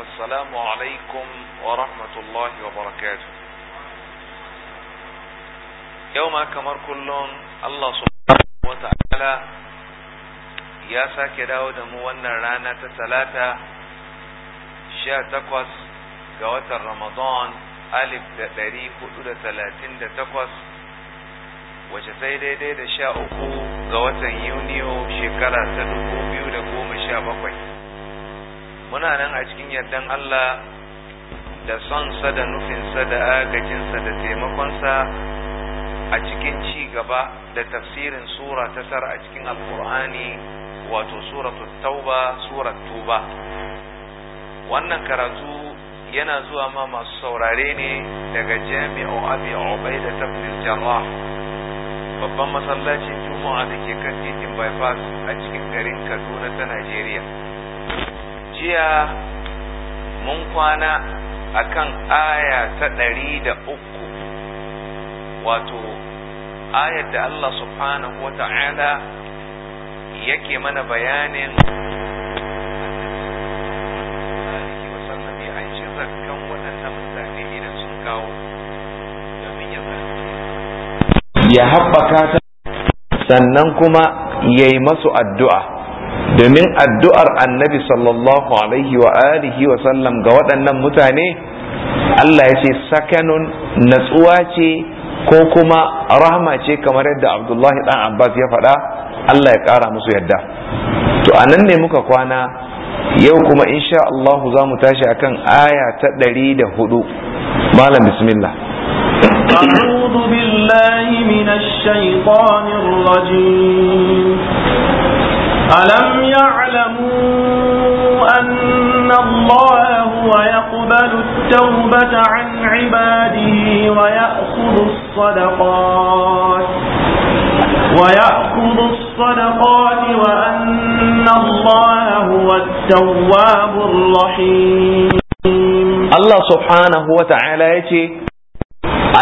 السلام عليكم ورحمة الله وبركاته يوم كمر كلهم الله سبحانه وتعالى يا ساكي داود موانا رانا تتلاتة شا تقوس قوات رمضان ألف دقري خدود ثلاثين تقوس وشتاي دي دي شا أخو قوات يونيو شكرا تدقو بيو قوم مشا بقوي muna nan a cikin yardan Allah da sonsa da nufinsa da agajinsa da taimakonsa a cikin ci gaba da tafsirin sura ta tara a cikin alkur'ani wato suratul tauba surat tuba wannan karatu yana zuwa ma masu saurare ne daga jami'u abi ubaida tafsir jarrah babban masallacin juma'a da ke kan titin bypass a cikin garin kaduna ta najeriya jiya mun kwana a kan aya ta ɗari da uku wato ayar da Allah subhanahu wa ta'ala yake mana bayanin ya haɓaka ta sannan kuma ya yi masu addu'a domin addu'ar annabi sallallahu alaihi wa alihi wa sallam ga waɗannan mutane Allah ya ce sakanun natsuwa ce ko kuma rahma ce kamar yadda abdullahi ɗan abbas ya faɗa Allah ya ƙara musu yadda to a nan ne muka kwana yau kuma insha Allah za mu tashi akan aya ta ɗari da hudu malam bismillah أعوذ بالله من الشيطان الرجيم ألم يعلموا أن الله هو يقبل التوبة عن عباده ويأخذ الصدقات ويأخذ الصدقات وأن الله هو التواب الرحيم الله سبحانه وتعالى يتي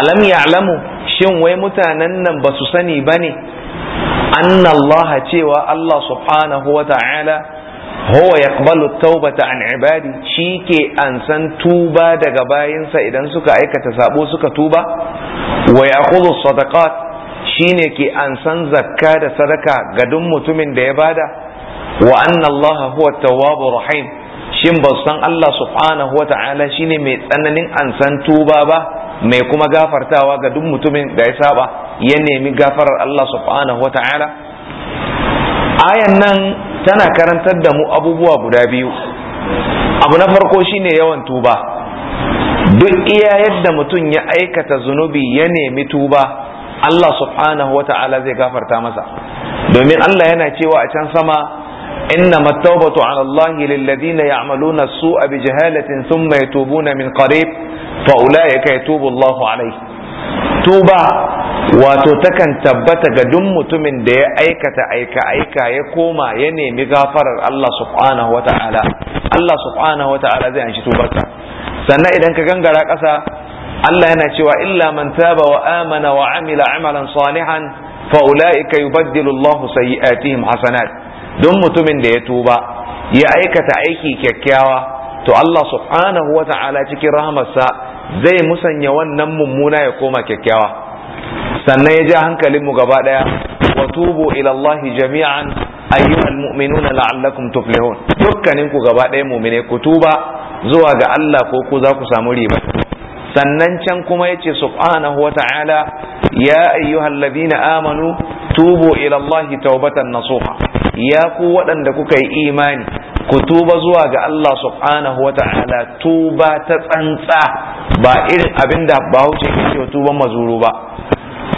ألم يعلموا شنو wai mutanen بسوسني بني anna Allah cewa Allah subhanahu wa ta'ala huwa yaqbalu taubata an ibadi ke ansan tuba daga bayansa idan suka aikata sabo suka tuba wa yaqulu sadakat shine ke ansan zakka da sadaka ga duk mutumin da ya bada wa anna Allah huwa tawwabur rahim shin ba san Allah subhanahu wa ta'ala shine mai tsananin ansan tuba ba mai kuma gafartawa ga duk mutumin da ya saba ya nemi gafarar Allah subhanahu wa ta'ala ayan nan tana karantar da mu abubuwa guda biyu abu na farko shine yawan tuba duk iya yadda mutum ya aikata zunubi ya nemi tuba Allah subhanahu wa ta'ala zai gafarta masa domin Allah yana cewa a can sama إنما التوبة على الله للذين يعملون السوء بجهالة ثم يتوبون من قريب فأولئك يتوب الله عليه توبة wato takan tabbata ga duk mutumin da ya aikata aika ya koma ya nemi gafarar Allah subhanahu wata'ala Allah subhanahu wata'ala zai sannan idan ka gangara ƙasa Allah yana cewa illa manta ba wa amana wa amila amalan salihan fa ulaika yubaddilu Allah sayyi'atihim Hassanat. don mutumin da ya tuba ya aikata aiki kyakkyawa to Allah subhanahu wata'ala cikin rahamarsa zai musanya wannan mummuna ya koma kyakkyawa sannan ya ja hankalinmu gaba daya wa tubu ila Allah jami'an ayyuhal mu'minuna la'allakum tuflihun dukkanin ku gaba daya mu'mine ku tuba zuwa ga Allah ko ku za ku samu riba sannan can kuma yace subhanahu wata'ala ya ayyuhal ladina amanu tubu ila Allah tawbatan nasuha ya ku waɗanda kuka yi imani ku tuba zuwa ga Allah subhanahu wa ta'ala tuba ta tsantsa ba irin abin da bahaushe ke cewa tuban mazuru ba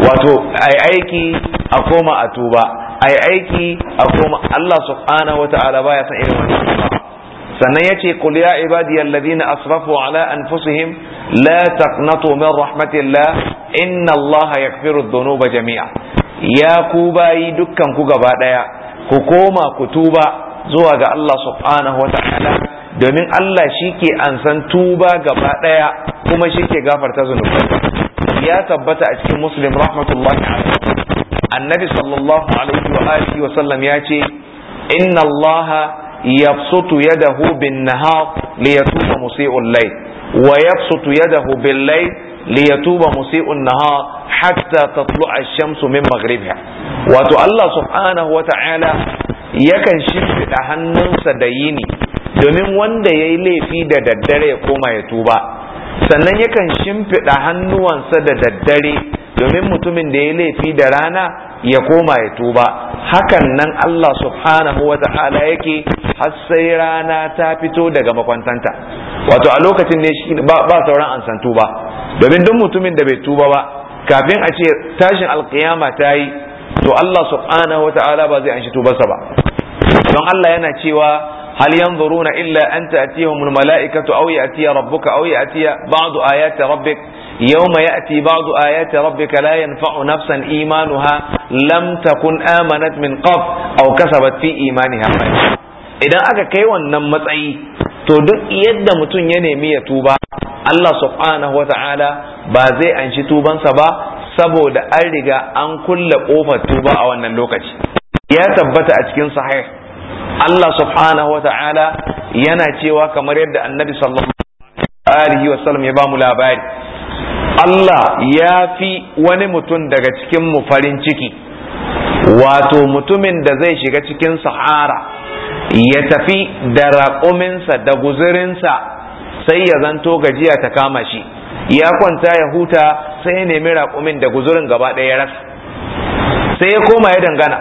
wato ai aiki a koma a tuba ai aiki a koma Allah subhanahu wa ta'ala baya san irin wannan ba. sannan yace qul ya ibadiyal ladina asrafu ala anfusihim la taqnatu min rahmatillah inna Allah yaghfiru dhunuba jami'a ya ku bayi dukkan ku gaba daya ku koma ku tuba zuwa ga Allah subhanahu wa ta'ala domin Allah shi ke ansan tuba gaba ɗaya kuma shi ke gafarta zunubai ya tabbata a cikin muslim rahmatullahi annabi sallallahu alaihi wa alihi wa sallam ya ce inna Allah yabsutu yadahu bin nahar liyatuba musii'ul layl wa yabsutu yadahu bil layl liyatuba musi'un nahar hatta tatlu'a ash-shamsu min maghribiha wato Allah subhanahu wa ta'ala yakan shimfiɗa hannunsa da yini domin wanda yayi laifi da daddare ya koma ya tuba sannan yakan shimfiɗa hannuwansa da daddare domin mutumin da ya laifi da rana ya koma ya tuba hakan nan Allah subhanahu wa ta'ala yake har sai rana ta fito daga makwantanta wato a lokacin ne ba sauran an san tuba domin duk mutumin da bai tuba ba kafin a ce tashin alkiyama ta yi to Allah subhanahu wa ta'ala ba zai anshi tubarsa ba don Allah yana cewa هل ينظرون إلا أن تأتيهم الملائكة أو يأتي ربك أو يأتي بعض آيات ربك يوم يأتي بعض آيات ربك لا ينفع نفسا إيمانها لم تكن آمنت من قبل أو كسبت في إيمانها خيرا idan aka kai wannan matsayi to duk yadda mutum ya nemi ya tuba Allah subhanahu wata'ala ba zai anshi tubansa ba saboda an riga an kulle kofar tuba a wannan lokaci ya tabbata a cikin sahih Allah subhanahu wata'ala yana cewa kamar yadda annabi sallallahu alaihi wasallam ya ba mu labari Allah ya fi wani mutum daga cikin mu farin ciki wato mutumin da zai shiga cikin sahara ya tafi da raƙuminsa da guzurinsa sai ya zanto gajiya ta kama shi ya kwanta ya huta sai ya nemi raƙumin da guzurin gaba ɗaya ya rasa sai ya koma ya dangana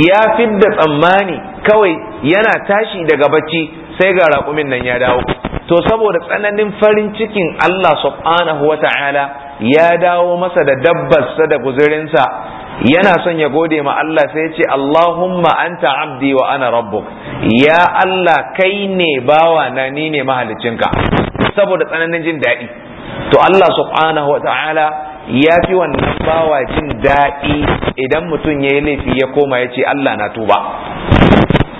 ya fi da tsammani kawai yana tashi daga bacci sai ga raƙumin nan ya dawo to saboda tsananin farin cikin Allah subhanahu wata'ala ya dawo masa da sa da guzurinsa yana son ya gode ma Allah sai ya ce Allahumma anta abdi wa ana rabbuk ya Allah kai ne bawa na ni ne mahaliccinka? saboda tsananin jin daɗi to Allah subhanahu wata'ala ya fi wannan bawa jin daɗi idan mutum ya yi laifi ya koma ya ce Allah na tuba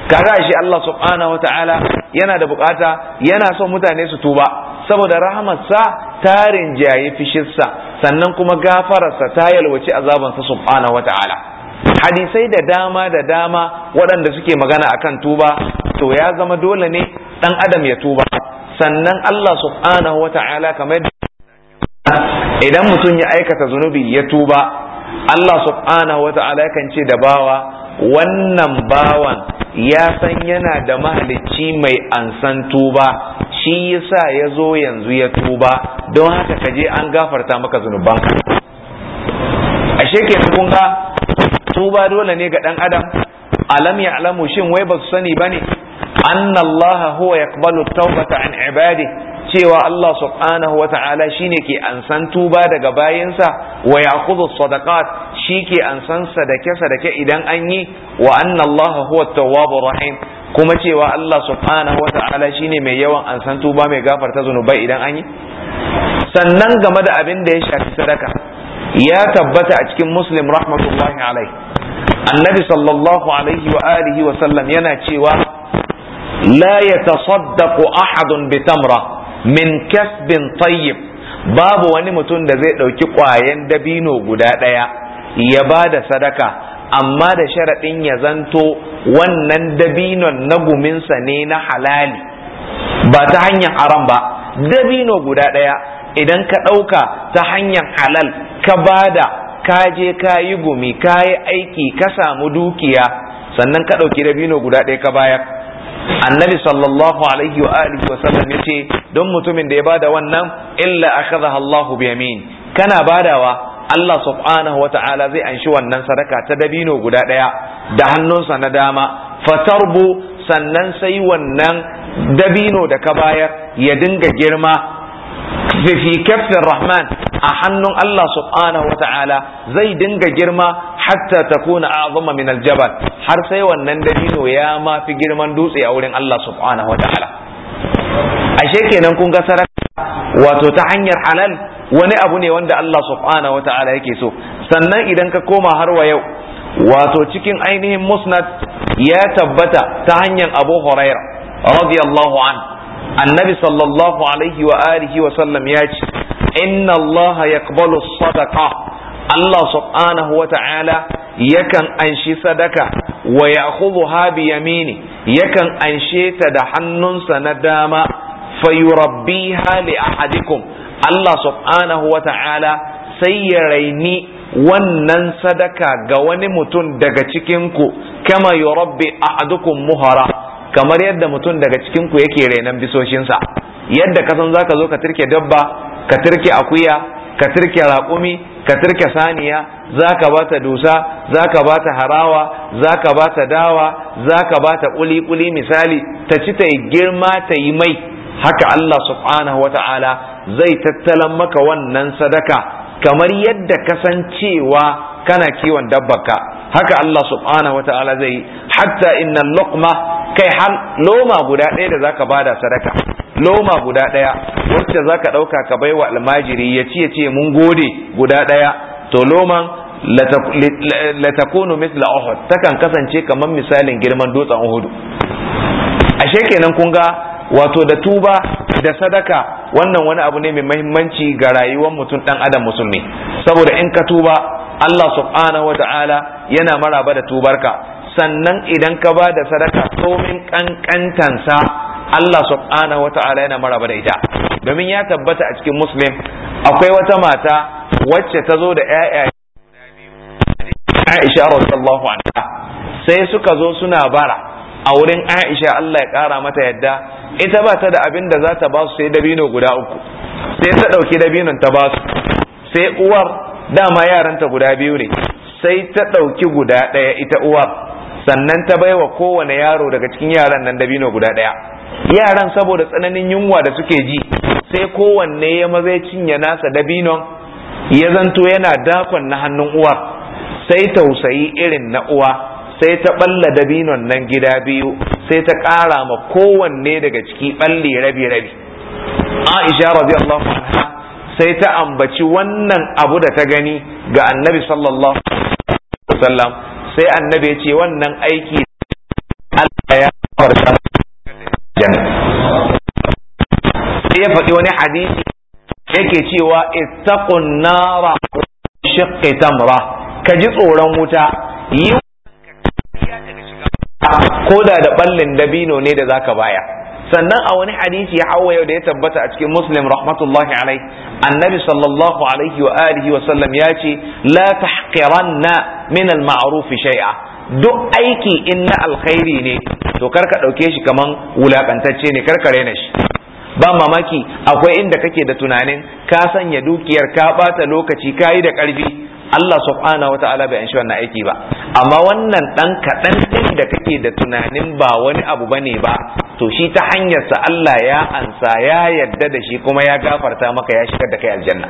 kaga shi Allah subhanahu ta'ala yana da bukata yana son mutane su tuba saboda rahamarsa ta rinjayi fishinsa. sannan kuma gafararsa ta yalwaci azabansa subhanahu ta'ala. hadisai da dama da dama waɗanda suke magana akan tuba to ya zama dole ne dan adam ya tuba sannan Allah subhanahu ta'ala kamar idan mutum ya aikata zunubi ya tuba Allah subhanahu ta'ala yakan ce da bawa wannan bawan ya san yana da mahalicci mai ansan tuba shi yasa ya zo yanzu ya tuba don haka ka je an gafarta maka zunuban ashe ke kun ga tuba dole ne ga dan adam alam ya alamu shin wai ba su sani bane anna Allah huwa yaqbalu tawbata an ibadi cewa Allah subhanahu ta'ala shine ke ansan tuba daga bayansa, wa ya'khudhu sadaqat shi ke ansan sadake sadake idan an yi wa anna huwa tawwabur rahim kuma cewa Allah subhanahu wa ta'ala shine mai yawan ansan tuba mai gafarta zunubai idan an yi sannan game da abin da ya shafi sadaka ya tabbata a cikin muslim rahmatullahi alai annabi sallallahu alaihi wa alihi wa sallam yana cewa la yatasaddaqu ahadun tamra min kasbin tayyib babu wani mutum da zai ɗauki kwayan dabino guda ɗaya ya ba da sadaka amma da sharaɗin ya zanto wannan dabinon na guminsa ne na halali ba ta hanyar haram ba dabino guda ɗaya idan ka ɗauka ta hanyar halal ka bada kaje kaje ka yi gumi ka yi aiki ka samu dukiya sannan ka ɗauki dabino guda ɗaya ka bayar annabi sallallahu alaihi wa alihi wa sallam yace don mutumin da ya bada wannan illa akhadha Allahu bi yamin kana badawa Allah subhanahu wa ta'ala zai anshi wannan sadaka ta dabino guda ɗaya da hannunsa na dama fatarbu sannan sai wannan dabino da ka bayar ya dinga girma fi kafin rahman a hannun Allah subhanahu wa ta'ala zai dinga girma hatta takuna azama min aljabal har sai wannan dabino ya ma fi girman dutse a wurin Allah subhanahu wa ta'ala ashe kenan kun ga sadaka wato ta hanyar halal wani abu ne wanda Allah subhanahu wa ta'ala yake so sannan idan ka koma har wa yau wato cikin ainihin musnad ya tabbata ta hanyar abu huraira radiyallahu an annabi sallallahu alaihi wa alihi wa sallam ya ce inna allaha yaqbalu sadaqa Allah subhanahu wa ta'ala yakan anshi sadaka wa ya'khudhuha bi yamini yakan anshe ta da hannunsa na dama fayurabbiha li ahadikum Allah subhanahu wa ta'ala sai ya raini wannan sadaka ga wani mutum daga cikinku kama yurabbi ahadukum muhara kamar yadda mutum daga cikinku yake rainan bisoshinsa yadda ka kasan zaka zo ka tirke dabba ka tirke akuya ka tirke raƙumi ka tirke saniya zaka bata dusa zaka bata harawa zaka bata dawa zaka bata ƙuli ƙuli misali ta ci ta yi girma ta yi mai haka Allah subhanahu wa ta'ala zai tattalan maka wannan sadaka kamar yadda kasancewa kana kiwon ka. haka Allah subhanahu wa ta'ala zai hatta inna luqma kai har loma guda ɗaya da zaka bada sadaka loma guda ɗaya wacce zaka ɗauka ka baiwa almajiri ya ce ce mun gode guda ɗaya to loman latakunu mithla Uhud takan kasance kamar misalin girman dutsen Uhud ashe kenan kun ga wato da tuba da sadaka wannan wani abu ne mai mahimmanci ga rayuwar mutum dan adam musulmi saboda in ka tuba Allah subhanahu wata'ala yana maraba da tubarka sannan idan ka ba da sadaka ƙanƙantan kankantansa Allah subhanahu wata'ala yana maraba da ita domin ya tabbata a cikin muslim akwai wata mata wacce ta zo da 'ya'ya Aisha radiyallahu anha sai suka zo suna bara a wurin Aisha Allah ya kara mata yadda ita ba ta da abin da za ta ba su sai dabino guda uku sai ta dauki dabinon ta ba su sai uwar dama yaranta guda biyu ne sai ta dauki guda daya ita uwar sannan ta baiwa kowane yaro daga cikin yaran nan dabino guda daya yaran saboda tsananin yunwa da suke ji sai kowanne ya maza ya cinye nasa dabinon ya zanto yana dakon na hannun uwar sai tausayi irin na uwa sai ta balla dabinon nan gida biyu sai ta ƙara ma kowanne daga ciki balle rabi rabi Aisha radiyallahu anha sai ta ambaci wannan abu da ta gani ga annabi sallallahu alaihi wasallam sai annabi ya ce wannan aiki Allah ya farka sai ya faɗi wani hadisi yake cewa ittaqun nara shiqqi tamra ka ji tsoron wuta yi koda da da ballin dabino ne da zaka baya sannan a wani hadisi ya hawa yau da ya tabbata a cikin muslim rahmatullahi alai annabi sallallahu alaihi wa alihi wa sallam ya ce la tahqiranna min al ma'ruf shay'a duk aiki in na alkhairi ne to karka dauke shi kaman wulakantacce ne karka rena shi ba mamaki akwai inda kake da tunanin ka sanya dukiyar ka bata lokaci ka yi da karfi Allah subhanahu wa ta'ala bai anshi wannan aiki ba amma wannan dan kaɗan din da kake da tunanin ba wani abu bane ba to shi ta hanyar sa Allah ya ansa ya yadda da shi kuma ya gafarta maka ya shigar da kai aljanna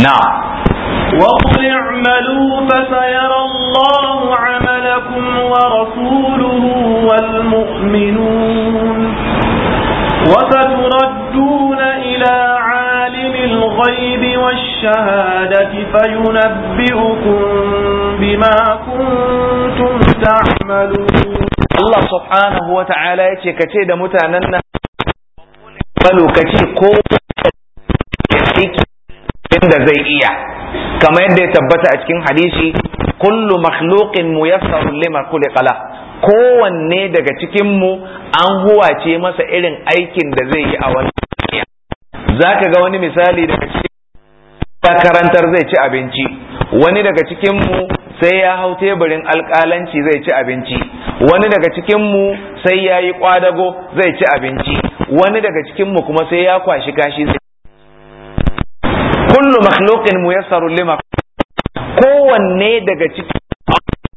na'am وقل اعملوا فسيرى الله عملكم ورسوله والمؤمنون وستردون إلى عالم الغيب والشهادة فينبئكم بما كنتم تعملون Allah subhanahu wa ta'ala ya ce, Kace da mutanen nan, balo kace ko aiki inda zai iya, kamar yadda ya tabbata a cikin hadisi, kullu makhluqin muyassarun lima kuli qala kowanne daga cikinmu an huwace masa irin aikin da zai yi a wani duniya za ka ga wani misali daga cikin karantar zai ci abinci wani daga cikinmu sai ya hau teburin alkalanci zai ci abinci wani daga cikinmu sai ya yi ƙwadago zai ci abinci wani daga cikinmu kuma sai ya kwashi kashi zai kullu makhluqin muyassarun lima kowanne daga cikin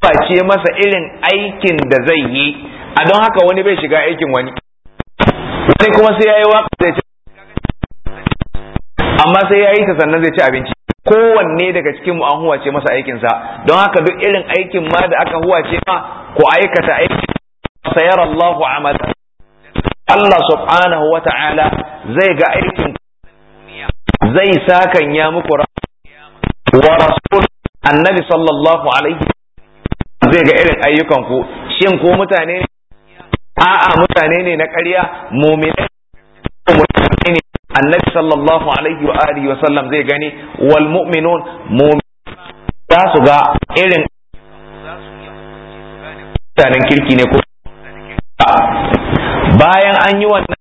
face masa irin aikin da zai yi a don haka wani bai shiga aikin wani wani kuma sai ya yi waka zai ci amma sai ya yi ta sannan zai ci abinci kowanne daga cikin mu an huwace masa aikinsa don haka duk irin aikin ma da aka huwace ma ko aikata aiki? sayar Allahu amala Allah subhanahu wa ta'ala zai ga aikin zai sakan ya muku wa rasul annabi sallallahu alaihi zai ga irin ayyukan ku shin ko mutane ne a'a mutane ne na ƙarya mu'minai ne annabi sallallahu alaihi wa alihi wa sallam zai gani wal mu'minun za su ga irin mutanen kirki ne ko bayan an yi wannan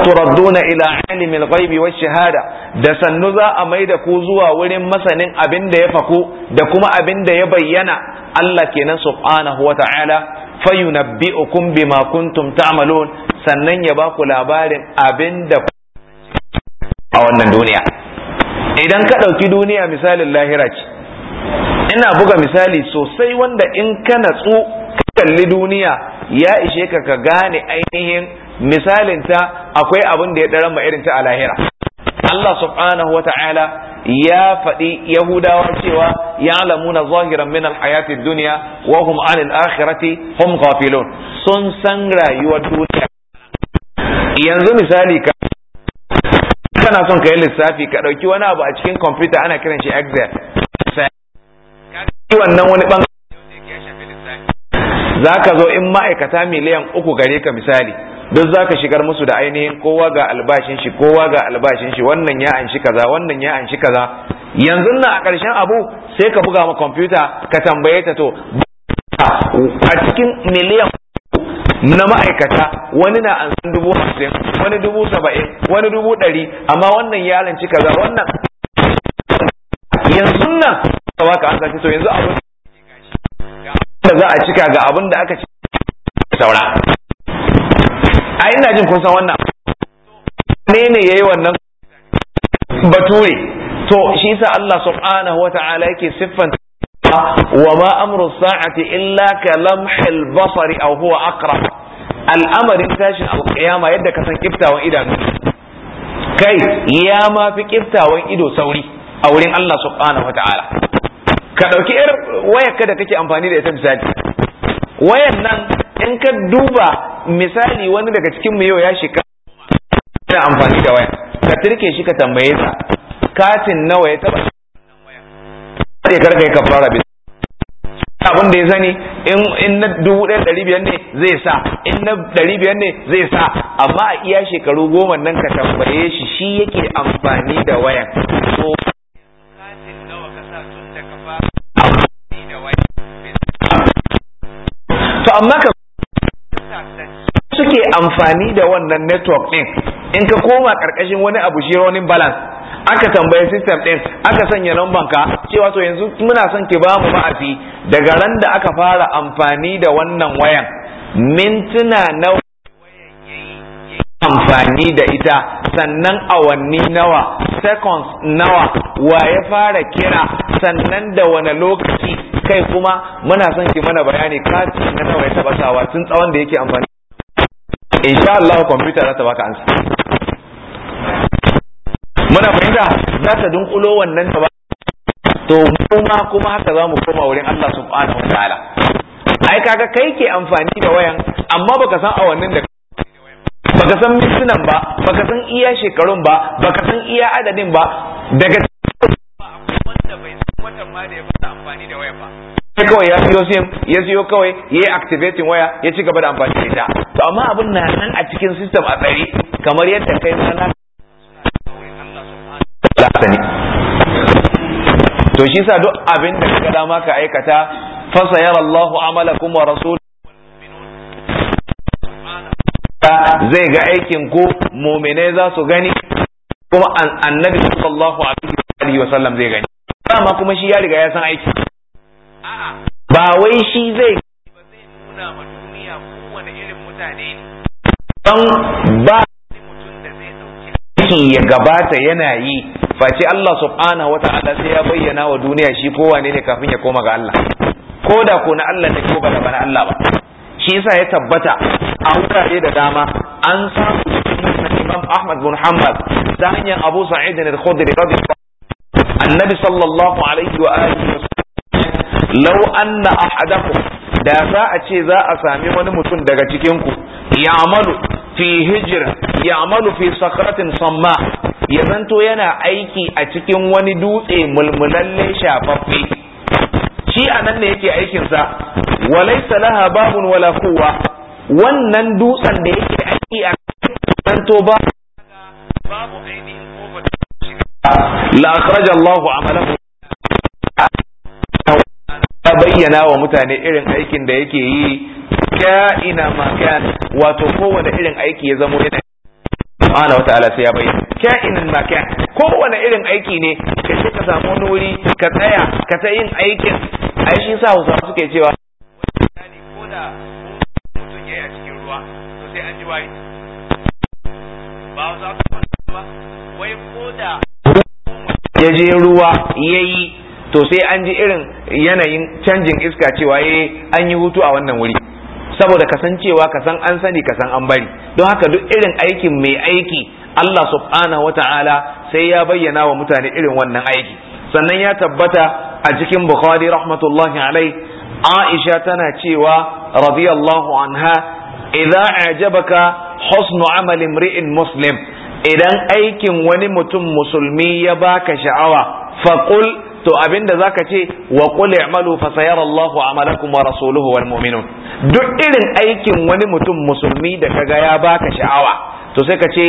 turadduna ila alimil ghaibi wash shahada da sannu za a maida ku zuwa wurin masanin abin da ya fako da kuma abin da ya bayyana Allah kenan subhanahu wa ta'ala fayunabbi'ukum bima kuntum ta'malun sannan ya ba ku labarin abin da a wannan duniya idan ka ɗauki duniya misalin lahira ce ina buga misali sosai wanda in ka natsu ka kalli duniya ya ishe ka ka gane ainihin misalinta akwai abin da ya ɗarama ma irin ta a lahira Allah subhanahu wa ta'ala ya faɗi yahudawa cewa ya na zahiran min alhayati dunya wa hum anil akhirati hum ghafilun sun san rayuwar duniya yanzu misali ka kana son kai lissafi ka ɗauki wani abu a cikin kwamfuta ana kiran shi excel wannan wani bangare za ka zo in ma'aikata miliyan uku gare ka misali duk zaka shigar musu da ainihin kowa ga albashin shi kowa ga albashin shi wannan ya anshi kaza wannan ya anshi kaza yanzu na a ƙarshen abu sai ka buga ma kwamfuta ka tambaye ta to a cikin miliyan na ma'aikata wani na an san dubu hamsin wani dubu saba'in wani dubu ɗari amma wannan ya lanci kaza wannan yanzu nan kawa ka an sace to yanzu abin da za a cika ga abin da aka ci saura ai ina jin kun san wannan ne ne yayi wannan bature to shi yasa Allah subhanahu wata'ala yake siffanta wa ma amru sa'ati illa ka lamhil basari aw huwa aqrab al'amarin tashin alqiyama yadda ka san kiftawan idanu kai ya ma fi kiftawan ido sauri a wurin Allah subhanahu wata'ala ka dauki yar wayar ka da kake amfani da ita misali wayan nan in ka duba misali wani daga cikin mu yau ya shiga yana amfani da waya ka turke shi ka tambaye sa katin nawa ya taba sai kar kai ka fara bisa abin da ya sani in na dubu ɗaya ɗari biyar ne zai sa in na ɗari biyar ne zai sa amma a iya shekaru goma nan ka tambaye shi shi yake amfani da wayan so katin nawa ka sa tun da ka fara amfani da wayan to amma ka kake amfani da wannan network ɗin in ka koma karkashin wani abu shi wani balance aka tambaye system ɗin aka sanya lamban ka cewa to yanzu muna son ki bamu mu ma'afi daga ran da aka fara amfani da wannan wayan mintuna nawa amfani da ita sannan awanni nawa seconds nawa wa ya fara kira sannan da wani lokaci kai kuma muna son ki mana bayani kati na nawa ya tabasawa tun tsawon da yake amfani insha Allah kwamfuta za ta baka ansa muna fahimta za ta dunkulo wannan ta to kuma kuma haka za mu koma wurin Allah subhanahu wa ta'ala ai kaga kai ke amfani da wayan amma baka san awannin da baka san mintunan ba baka san iya shekarun ba baka san iya adadin ba daga watan ma da ya fara amfani da waya ba sai kawai ya siyo sim ya siyo kawai ya yi activating waya ya ci gaba da amfani da ita to amma abin na nan a cikin system a tsari kamar yadda kai sana to shi sa duk abin da kaga dama ka aikata fa sayarallahu amalakum wa zai ga aikin ku muminai za su gani kuma annabi sallallahu alaihi wa sallam zai gani dama kuma shi ya riga ya san aiki ba wai shi zai ba zai nuna ma duniya kowane irin mutane ne don ba mutum da zai dauki ya gabata yana yi face Allah subhanahu wata'ala sai ya bayyana wa duniya shi kowa ne ne kafin ya koma ga Allah ko da ko na Allah ne ko ba na Allah ba shi yasa ya tabbata a wurare da dama an samu Imam Ahmad bin Hanbal ta hanyar Abu Sa'id al-Khudri radiyallahu annabi sallallahu alaihi wa alihi law anna da za a ce za a sami wani mutum daga cikin ku ya'malu fi hijra ya'malu fi sakratin samma ya zanto yana aiki a cikin wani dutse mulmulalle shafaffe shi anan ne yake aikinsa. Walai salaha laha babun wala quwwa wannan dutsen da yake aiki a zanto ba babu ainihin la akhraja bayyana wa mutane irin aikin da yake yi ka'ina ma kana wato irin aiki ya zamo yana wa ta'ala sai ya bayyana ma kan kowane irin aiki ne ka ce ka samu wani wuri ka tsaya ka ta yin aikin ai shi sa Hausawa suke cewa ba wai ko ya je ruwa ya yi to sai an ji irin yanayin canjin iska cewa ya eh, an yi hutu a wannan wuri saboda kasancewa kasan an sani kasan an bari don haka duk irin aikin mai aiki Allah subhana wa ta'ala sai ya bayyana wa mutane irin wannan aiki sannan ya tabbata a cikin bukhari rahmatullahi alai aisha tana cewa radiyallahu anha idza ajabaka husnu amali imri'in muslim idan aikin wani mutum musulmi ya baka sha'awa faqul to abinda zaka ce wa qul i'malu fa sayara Allahu amalakum wa rasuluhu wal mu'minun duk irin aikin wani mutum musulmi da kaga ya baka sha'awa to sai ka ce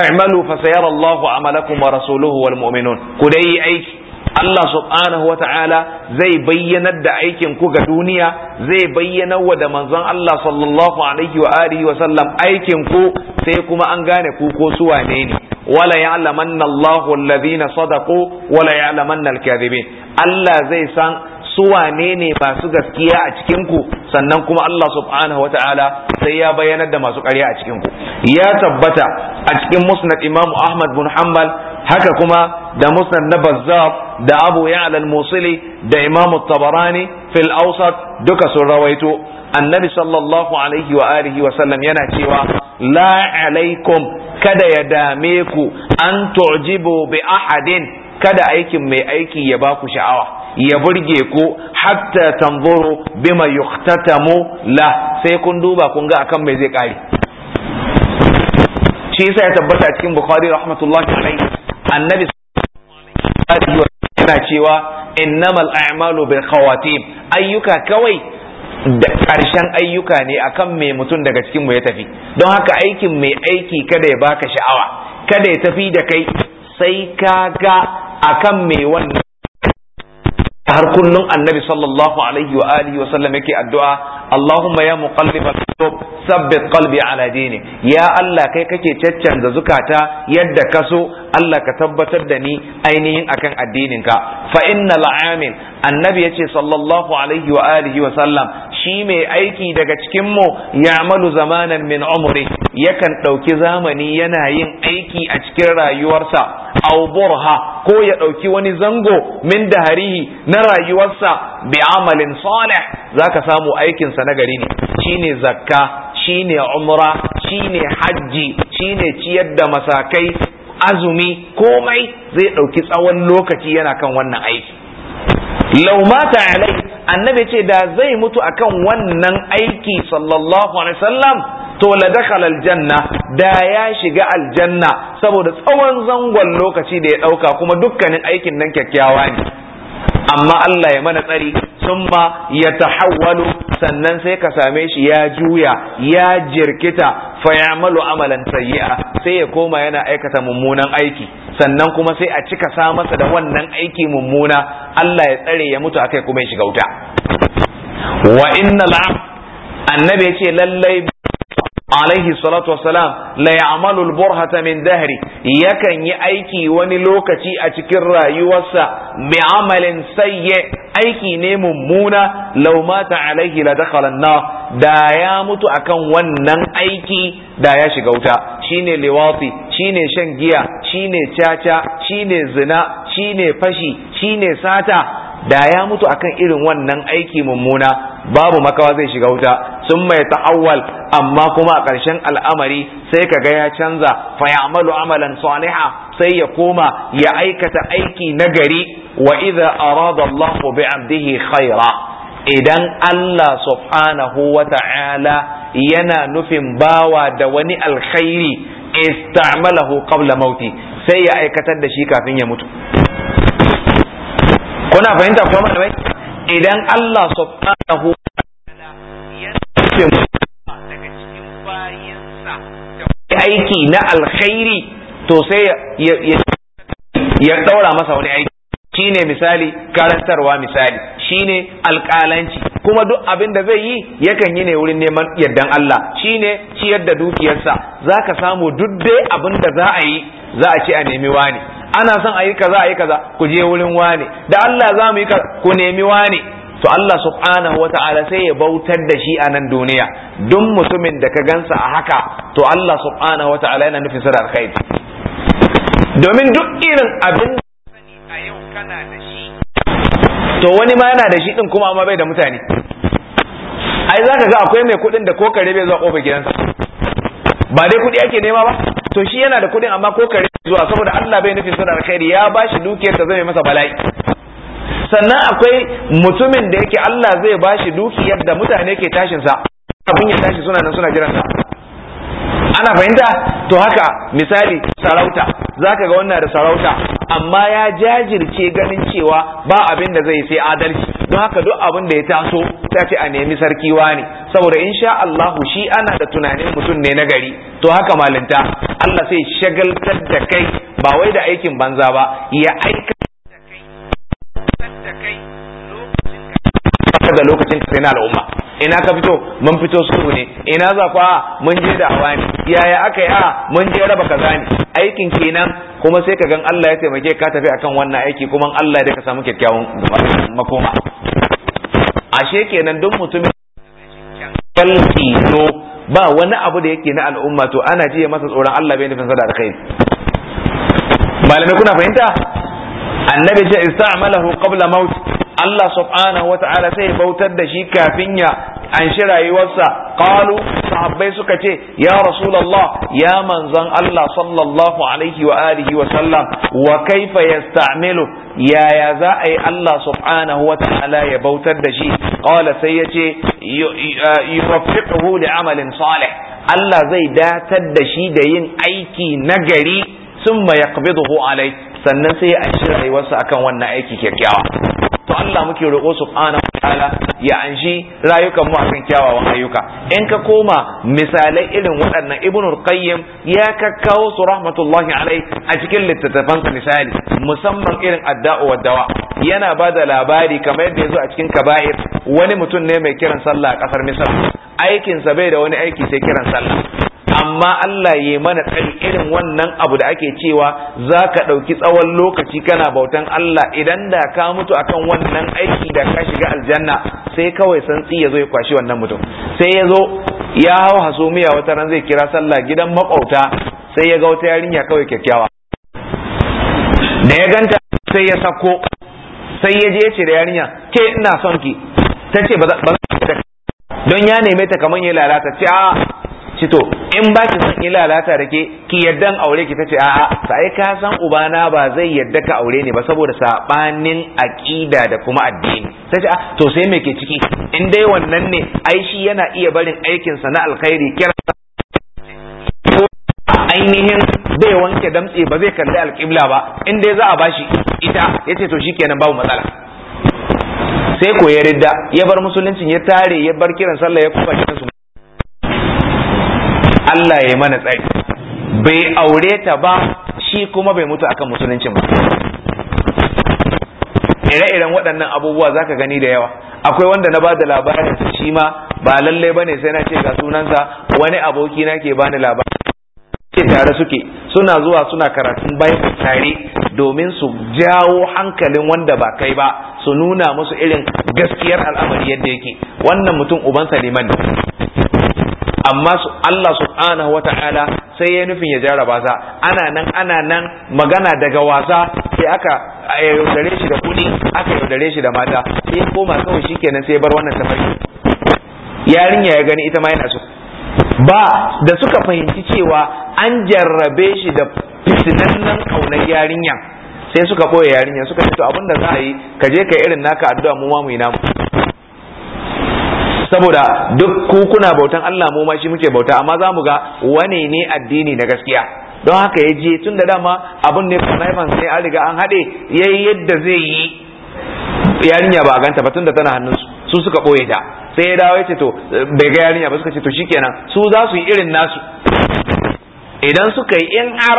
i'malu fa sayara Allahu amalakum wa rasuluhu wal mu'minun ku dai aiki Allah subhanahu wa ta'ala zai bayyanar da aikin ku ga duniya zai bayyanar wa da manzon Allah sallallahu alaihi wa alihi wa sallam aikin ku sai kuma an gane ku ko su wane ne wala ya'lamanna Allahu alladhina sadaqu wala ya'lamanna al-kadhibin Allah zai san su wane ne masu gaskiya a cikin ku sannan kuma Allah subhanahu wa ta'ala sai ya bayyanar da masu ƙarya a cikin ku ya tabbata a cikin musnad Imam Ahmad bin Hanbal haka kuma da musnad na Bazzab da abu ya'la al-musili da imam tabarani fil awsat duka sun rawaito annabi sallallahu alaihi wa alihi wa sallam yana cewa la alaikum kada ya dame ku an tu'jibu bi ahadin kada aikin mai aiki ya baku sha'awa ya burge ku hatta tanzuru bima yuktatamu la sai kun duba kun ga akan mai zai kare shi yasa ya tabbata cikin bukhari rahmatullahi alaihi annabi sallallahu alaihi wa suna cewa innamal a'malu bil khawatim ayyuka kawai da karshen ayyuka ne akan mai mutum daga cikin mu ya tafi don haka aikin mai aiki kada ya baka sha'awa kada ya tafi da kai sai ka ga akan mai wannan har kullum annabi sallallahu alaihi wa alihi wa sallam yake addu'a Allahumma ya muqallib al-qulub sabbit qalbi ala dini ya Allah kai kake caccanza zukata yadda ka so Allah ka tabbatar da ni ainihin akan addininka fa innal amin annabi yace sallallahu alaihi wa alihi wa sallam shi mai aiki daga cikin mu ya'malu zamanan min umri yakan dauki zamani yana yin aiki a cikin rayuwarsa aw burha ko ya ɗauki wani zango min daharihi na rayuwarsa bi amalin salih zaka samu aikinsa na gari ne shine zakka shine umra shine hajji shine ciyar da masakai azumi komai zai ɗauki tsawon lokaci yana kan wannan aiki lau mata alai annabi ce da zai mutu akan wannan aiki sallallahu alaihi wasallam to la dakhala aljanna da ya shiga aljanna saboda tsawon zangon lokaci da ya dauka kuma dukkanin aikin nan kyakkyawa ne amma Allah ya mana tsari summa ya tahawwalu sannan sai ka same shi ya juya ya jirkita fa ya'malu amalan sayyi'a sai ya koma yana aikata mummunan aiki sannan kuma sai a cika sa masa da wannan aiki mummuna Allah ya tsare ya mutu akai kuma ya shiga wuta wa innal annabi ya ce lallai alaihi salatu wasalam la burhata min dahri yakan yi aiki wani lokaci a cikin rayuwarsa Mai amalin sayyi aiki ne mummuna Laumata alaihi la dakhala an da ya mutu akan wannan aiki da ya shiga wuta shine liwati shine shan giya shine caca shine zina shine fashi shine sata da ya mutu akan irin wannan aiki mummuna babu makawa zai shiga wuta sun mai ta'awwal amma kuma a ƙarshen al'amari sai kaga ya canza fa ya'malu amalan saliha sai ya koma ya aikata aiki nagari wa idza arada Allahu bi 'abdihi khaira idan Allah subhanahu wa ta'ala yana nufin bawa da wani alkhairi istamalahu qabla mauti sai ya aikatar da shi kafin ya mutu kuna fahimta kuma malamai idan Allah subhanahu wa ta'ala yana nufin daga cikin bayansa da aiki na alkhairi to sai ya ɗaura masa wani aiki shine misali karantarwa misali shine alƙalanci kuma duk abin da zai yi yakan yi ne wurin neman yardan Allah shine ciyar da dukiyarsa zaka samu duk dai abin da za a yi za a ce a nemi wani ana son a yi kaza a yi kaza ku je wurin wani da Allah za mu yi kaza ku nemi wani to Allah subhanahu wa sai ya bautar da shi a nan duniya duk mutumin da ka gansa a haka to Allah subhanahu wa yana nufin sa da domin duk irin abin yana da shi to wani ma yana da shi din kuma amma bai da mutane ai za ka ga akwai mai kuɗin da ko kare bai zuwa ƙofar gidansa ba dai kuɗi ake nema ba to shi yana da kuɗin amma ko kare zuwa saboda Allah bai nufin sa da ya ya bashi dukiyar ta zai masa bala'i sannan akwai mutumin da yake Allah zai ba shi dukiyar da mutane ke tashin sa abin ya tashi suna nan suna jiran sa ana fahimta to haka misali sarauta za ka ga wannan da sarauta amma ya jajirce ganin cewa ba abin da zai sai adalci don haka duk abin da ya taso ta ce a nemi sarki ne, saboda insha Allahu shi ana da tunanin mutum ne na gari to haka malinta Allah sai shagaltar da kai ba wai da aikin banza ba ya aika da kai lokacin da lokacin sai na al'umma ina ka fito mun fito su ne ina za ku a mun je da hawa ne yaya aka yi a mun je raba kaza ne aikin kenan kuma sai ka gan Allah ya taimake ka tafi akan wannan aiki kuma Allah ya ka samu kyakkyawan makoma ashe kenan duk mutumin no ba wani abu da yake na al'umma to ana jiya masa tsoron Allah bai nufin sada alkhairi malamai kuna fahimta annabi ce ista'malahu qabla maut Allah subhanahu wata'ala sai bautar da shi kafin ya anshi rayuwarsa qalu sahabbai suka ce ya rasulullah ya manzon Allah sallallahu alaihi wa alihi wa sallam wa kaifa yasta'milu yaya za a yi Allah subhanahu wata'ala ya bautar da shi qala sai yace da amalin salih Allah zai datar da shi da yin aiki nagari summa yaqbiduhu alai sannan sai ya anshi rayuwarsa akan wannan aiki kyakkyawa to Allah muke roƙo subhanahu wataala ya anshi rayukan mu akan kyawawan ayyuka in ka koma misalai irin waɗannan ibnu qayyim ya kakkawo su rahmatullahi alai a cikin littattafansa misali musamman irin adda'u wa dawa yana ba da labari kamar yadda yazo a cikin kaba'ir wani mutum ne mai kiran sallah a kasar misal. aikinsa bai da wani aiki sai kiran sallah amma Allah ya mana tsari irin wannan abu da ake cewa za ka ɗauki tsawon lokaci kana bautan Allah idan da ka mutu akan wannan aiki da ka shiga aljanna sai kawai santsi ya zo ya kwashi wannan mutum sai ya zo ya hau hasumiya wata ran zai kira sallah gidan makwauta sai ya ga wata yarinya kawai kyakkyawa da ya ganta sai ya sako sai ya je ya ce da yarinya ke ina son ki ta ce ba za don ya neme ta kamar ya lalata ce a Cito, in ba ki san lalata da ke ki yarda aure ki tace a'a sai ka san ubana ba zai yadda ka aure ni ba saboda sabanin aqida da kuma addini sai ce a to sai me ke ciki in dai wannan ne ai shi yana iya barin aikin sa na alkhairi kira ainihin bai wanke damtse ba zai kalli alkibla ba in dai za a bashi ita yace to shikenan babu matsala sai ko ya ridda ya bar musuluncin ya tare ya bar kiran sallah ya kuma kiran su Allah ya mana tsari bai aure ta ba shi kuma bai mutu akan musulunci ba ire-iren waɗannan abubuwa za ka gani da yawa akwai wanda na ba da labarin shi ma ba lallai ba ne sai na ce ga sunansa wani aboki na ke bani labarin ce tare suke suna zuwa suna karatun bayan tare domin su jawo hankalin wanda ba kai ba su nuna musu irin gaskiyar al'amari yadda yake wannan mutum ubansa liman ne amma su Allah subhanahu wa ta'ala sai ya nufin ya jarraba sa ana nan ana nan magana daga wasa sai aka yaudare shi da kudi aka yaudare shi da mata sai ya koma kawai shikenan sai ya bar wannan tafarki yarinya ya gani ita ma yana so ba da suka fahimci cewa an jarrabe shi da fitinannen kaunar yarinya sai suka koya yarinya suka ce to abin da za a yi ka je ka irin naka addu'a mu ma mu yi namu saboda duk kukuna kuna bautan Allah mu ma shi muke bauta amma za mu ga wane ne addini na gaskiya don haka ya je tun da dama abun ne kuma sai an riga an haɗe yayi yadda zai yi yarinya ba ganta ba tun da tana hannun su suka ɓoye ta sai ya dawo ya ce to bai ga yarinya ba suka ce to shikenan su za su yi irin nasu idan suka yi in har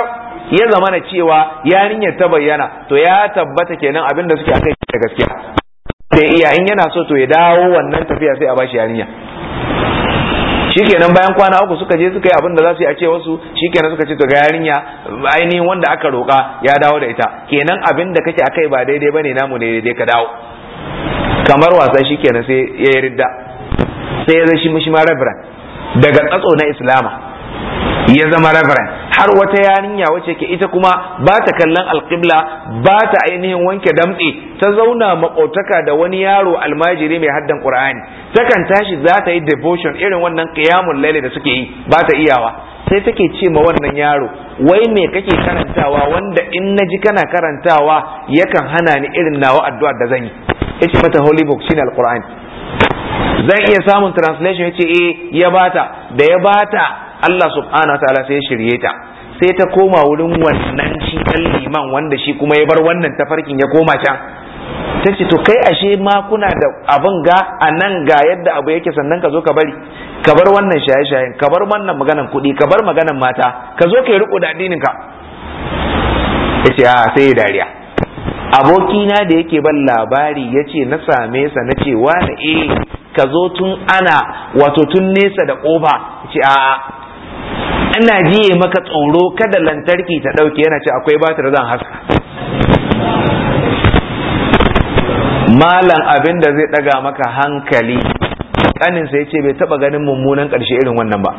ya zama na cewa yarinyar ta bayyana to ya tabbata kenan abin da suke akai da gaskiya sai iya in yana so to ya dawo wannan tafiya sai a bashi yarinya shikenan bayan kwana uku suka je suka yi abin da za su yi a ce wasu shikenan suka ce to ga yarinya ainihin wanda aka roka ya dawo da ita kenan abin da kake akai ba daidai bane namu ne daidai ka dawo kamar wasa shikenan sai ya yi ridda sai ya zai shi mishi ma daga tsatso na islama ya zama reverend har wata yarinya wacce ke ita kuma ba ta kallon alƙibla ba ta ainihin wanke damɗe ta zauna maƙotaka da wani yaro almajiri mai haddan ƙur'ani. takan tashi za ta yi devotion irin wannan ƙiyamun laili da suke yi ba ta iyawa sai take ce ma wannan yaro wai me kake karantawa wanda in na ji kana karantawa yakan hana ni irin nawa addu'ar da zan yi ce mata holy book shine Alƙur'ani. zan iya samun translation ya ce eh ya bata da ya bata Allah subhanahu ta'ala sai ya shirye ta sai ta koma wurin wannan shi dan liman wanda shi kuma ya bar wannan tafarkin ya koma can ta ce to kai ashe ma kuna da abin ga a nan ga yadda abu yake sannan ka zo ka bari ka bar wannan shaye-shayen ka bar wannan maganan kuɗi ka bar maganan mata ka zo ka yi riko da addinin ka ya ce a sai dariya abokina da yake ban labari ya ce na same sa na ce wani eh ka zo tun ana wato tun nesa da ƙofa ce a ana jiye maka tsoro kada lantarki ta ɗauke yana ce akwai batir zan haska malam abin da zai ɗaga maka hankali kaninsa ya ce bai taɓa ganin mummunan ƙarshe irin wannan ba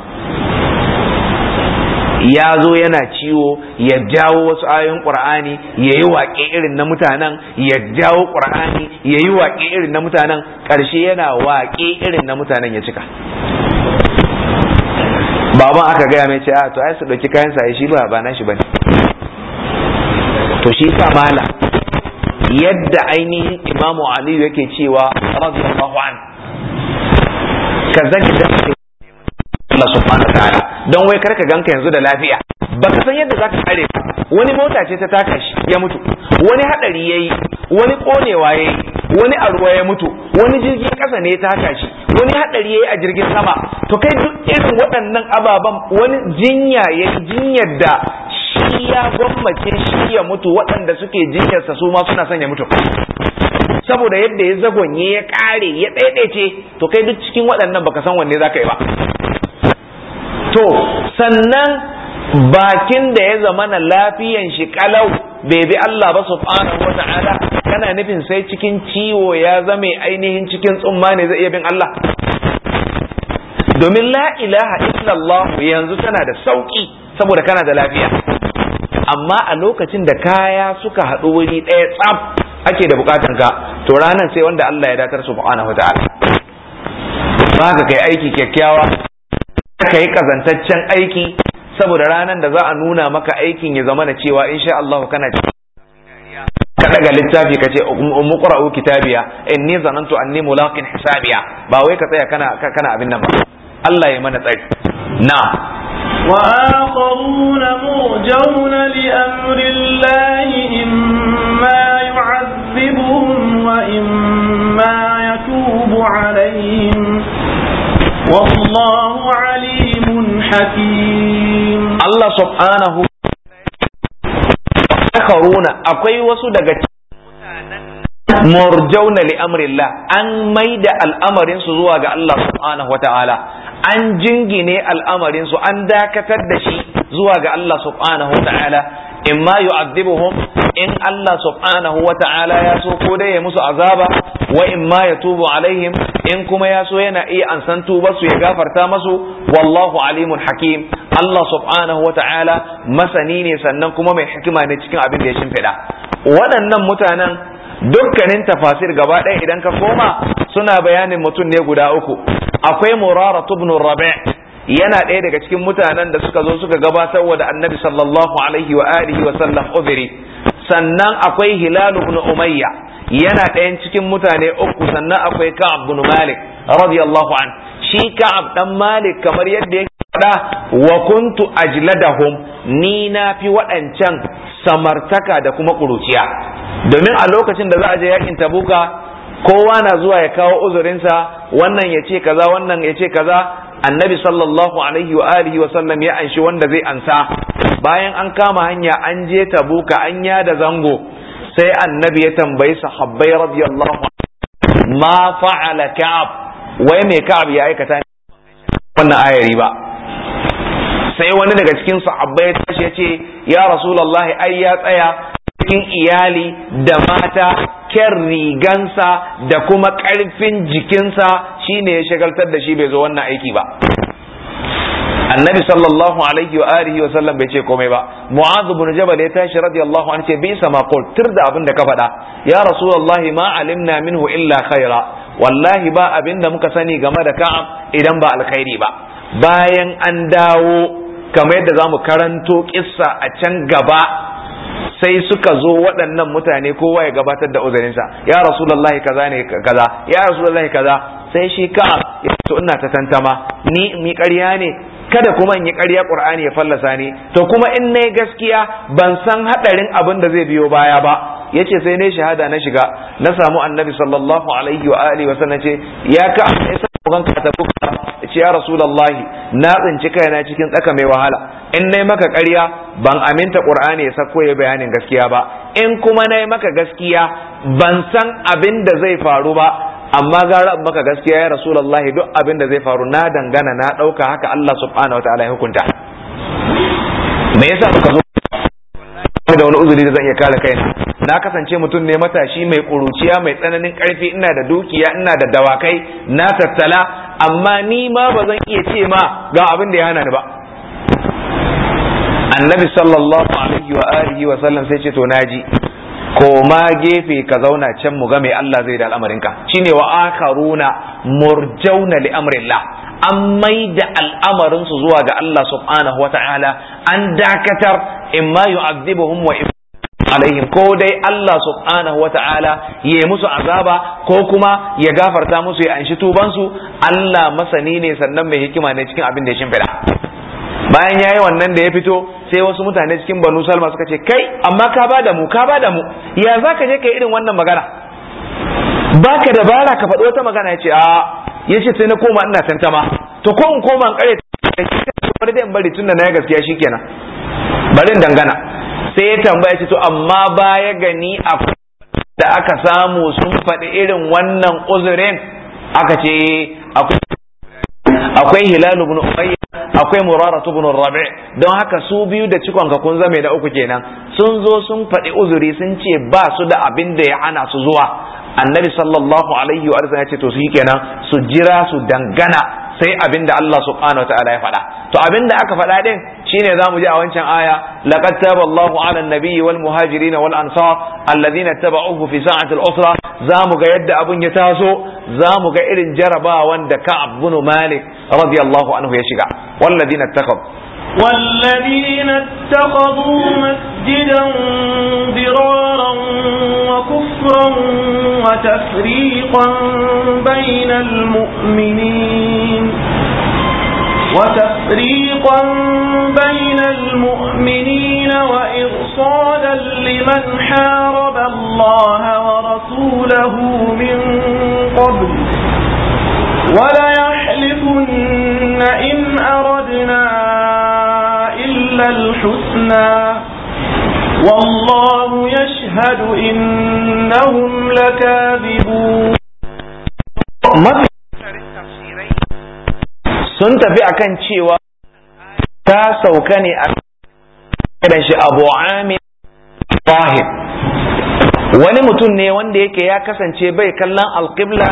ya zo yana ciwo ya jawo wasu ayoyin ƙur'ani ya yi waƙe irin na mutanen ya jawo ƙur'ani ya yi waƙe irin na mutanen ƙarshe yana waƙe irin na mutanen ya cika baban aka gaya mai ce a to ai su dauki kayan sa shi ba ba nashi bane to shi sa mala yadda ainihin imamu aliyu yake cewa radiyallahu an ka zaki da Allah subhanahu ta'ala don wai karka ganka yanzu da lafiya baka san yadda zaka kare wani mota ce ta taka shi ya mutu wani hadari yayi wani konewa yayi wani a ya mutu wani jirgin kasa ne ta taka shi wani hadari yayi a jirgin sama to kai duk irin waɗannan ababen wani jinya yayi jinyar da shi ya gwammace shi ya mutu waɗanda suke jinyarsa su ma suna sanya mutu saboda yadda ya zagonye ya ƙare ya ɗaiɗaice to kai duk cikin waɗannan baka san wanne za ka yi ba to sannan bakin da ya zama na lafiyan shi kalau bai bi Allah ba subhanahu wa ta'ala kana nufin sai cikin ciwo ya zame ainihin cikin tsumma ne zai iya bin Allah domin la ilaha illallah yanzu tana da sauki saboda kana da lafiya amma a lokacin da kaya suka haɗu wuri ɗaya tsaf ake da bukatan ka to ranar sai wanda Allah ya datar subhanahu wa ta'ala ba ka kai aiki kyakkyawa ka yi kazantaccen aiki saboda ranar da za a nuna maka aikin ya zama na cewa insha Allah kana cikin ka daga littafi ka ce muqra'u um, um, kitabiya inni zanantu anni mulaqin hisabiya ba wai ka tsaya kana kana abin nan ba Allah ya mana tsari na wa akharuna murjauna li amri llahi imma yu'azzibuhum wa imma yatubu alaihim wallahu alimun hakim Allah subhanahu karuna akwai wasu daga murjauna li amrillah an maida al'amarin su zuwa ga Allah subhanahu wata'ala an jingine al'amarin su an dakatar da shi zuwa ga Allah subhanahu wata'ala imma yu'adhibuhum in Allah subhanahu wata'ala ya so ko dai ya musu azaba wa ya yatubu alaihim in kuma ya so yana iya ansan tuba su ya gafarta masu wallahu alimun hakim Allah subhanahu wa ta'ala masani ne sannan kuma mai hikima ne cikin abin da ya shimfiɗa waɗannan mutanen dukkanin tafasir gaba ɗaya idan ka koma suna bayanin mutum ne guda uku akwai murara ibn rabi' yana ɗaya daga cikin mutanen da suka zo suka gabatar wa da annabi sallallahu alaihi wa alihi wa sallam uzuri sannan akwai hilalu ibn umayya yana ɗayan cikin mutane uku sannan akwai ka'ab ibn malik radiyallahu an shi ka'ab dan malik kamar yadda faɗa wa kuntu ajladahum ni na fi waɗancan samartaka da kuma ƙuruciya domin a lokacin da za a je yakin tabuka kowa na zuwa ya kawo uzurinsa wannan ya ce kaza wannan ya ce kaza annabi sallallahu alaihi wa alihi wa sallam ya anshi wanda zai ansa bayan an kama hanya an je tabuka an da zango sai annabi ya tambayi sahabbai radiyallahu ma fa'ala ka'ab wai me ka'ab ya aikata wannan ayari ba sai wani daga cikin sahabbai ya tashi ya ce ya rasulullahi ai ya tsaya cikin iyali da mata kyan rigansa da kuma ƙarfin jikinsa shi ne ya shagaltar da shi bai zo wannan aiki ba annabi sallallahu alaihi wa alihi wa sallam bai ce komai ba mu'adh ibn jabal ya tashi radiyallahu anhu ce bi sama qul tirda abin da ka faɗa ya rasulullahi ma alimna minhu illa khaira wallahi ba abin da muka sani game da ka'ab idan ba alkhairi ba bayan an dawo kamar yadda za mu karanto kissa a can gaba sai suka zo waɗannan mutane kowa ya gabatar da uzurinsa ya rasulullahi kaza ne kaza ya rasulullahi kaza sai shi ka ya to ina ta tantama ni mi ƙarya ne kada kuma in yi karya qur'ani ya fallasa ni to kuma in nayi gaskiya ban san hadarin abin da zai biyo baya ba yace sai ne shahada na shiga na samu annabi sallallahu alaihi wa alihi wa sallam ce ya ka sai ka ce ya rasulullahi na tsinci kaina cikin tsaka mai wahala in nai maka ƙarya ban aminta qur'ani ya sako ya bayanin gaskiya ba in kuma nai maka gaskiya ban san abin da zai faru ba amma gara maka gaskiya ya rasulullahi duk abin da zai faru na dangana na ɗauka haka Allah subhanahu wataala ya hukunta me yasa ka zo da wani uzuri da zan iya kare kaina na kasance mutum ne matashi mai ƙuruciya mai tsananin ƙarfi ina da dukiya ina da dawakai na tattala amma ni ma ba zan iya ce ma ga abin da ya hana ni ba annabi sallallahu alaihi wa alihi wa sallam sai ce to naji koma gefe ka zauna can mu ga mai Allah zai da al'amarinka shine wa akharuna murjauna li amrillah an maida al'amarin su zuwa ga Allah subhanahu wa ta'ala an dakatar imma yu'adhibuhum wa alaihim ko dai Allah subhanahu wa ta'ala ya musu azaba ko kuma ya gafarta musu ya anshi tuban su, Allah masani ne sannan mai hikima ne cikin abin da ya shimfida bayan yayi wannan da ya fito sai wasu mutane cikin banu salma suka ce kai amma ka ba da mu ka ba da mu ya za ka je kai irin wannan magana baka da bara ka faɗi wata magana ya ce a ya ce sai na koma ina tantama to ko in koma in ƙare ta ke da in bari tun da na gaskiya kenan. Barin dangana sai ya tambaya shi to amma baya gani a da aka samu sun faɗi irin wannan uzurin aka ce akwai hilal ibn umayya akwai murara ibn rabi don haka su biyu da cikon ka kun zame da uku kenan sun zo sun faɗi uzuri sun ce ba su da abin da ya ana su zuwa annabi sallallahu alaihi wa sallam ya ce to su kenan su jira su dangana sai abinda Allah subhanahu wa ta'ala ya faɗa to abinda aka faɗa din shine zamu ji a wancan aya laqad taba Allahu 'ala an-nabiyyi wal muhajirin wal ansar alladhina taba'uhu fi sa'ati al-usra zamu ga yadda abun ya taso zamu ga irin jarabawan da Ka'ab bin Malik radiyallahu anhu ya shiga wal ladina taqab والذين اتخذوا مسجدا ضرارا وكفرا وتفريقا بين المؤمنين وتفريقا بين المؤمنين وإرصادا لمن حارب الله ورسوله من قبل وليحلفن إن أردنا إلا الحسنى والله يشهد إنهم لكاذبون sun tafi akan cewa ta sauka ne a da shi Abu amin Fahim wani mutum ne wanda yake ya kasance bai kallon alƙibla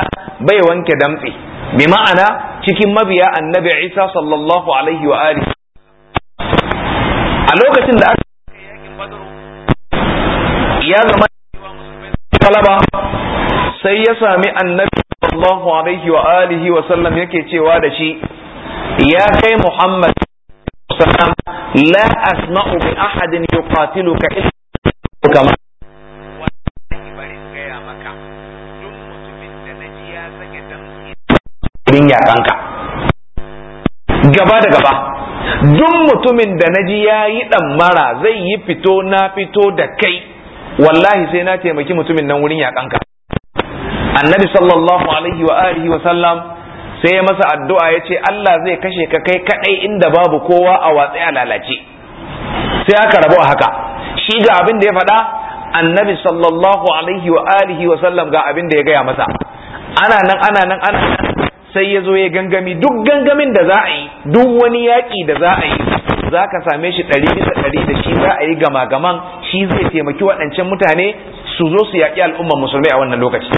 bai wanke damtse bi ma'ana cikin mabiya annabi Isa sallallahu alaihi wa alihi a lokacin da aka ya zama kalaba sai ya sami annabi sallallahu alaihi wa alihi wa sallam yake cewa da shi ya kai محمد السلام la asma'u bi يقاتلك yuqatiluka كما gaba da gaba duk mutumin da na ji ya yi mara zai yi fito na fito da kai wallahi sai na taimaki mutumin nan wurin yakanka annabi sallallahu alaihi wa alihi wa sallam sai ya masa addu'a ya ce Allah zai kashe ka kai kadai inda babu kowa a watsi a lalace sai aka rabu a haka shi ga abin da ya faɗa annabi sallallahu alaihi wa alihi wa sallam ga abin da ya gaya masa ana nan ana nan ana nan sai ya zo ya gangami duk gangamin da za a yi duk wani yaƙi da za a yi za ka same shi ɗari bisa ɗari da shi za a yi gama gaman shi zai taimaki waɗancan mutane su zo su yaƙi al'ummar musulmai a wannan lokaci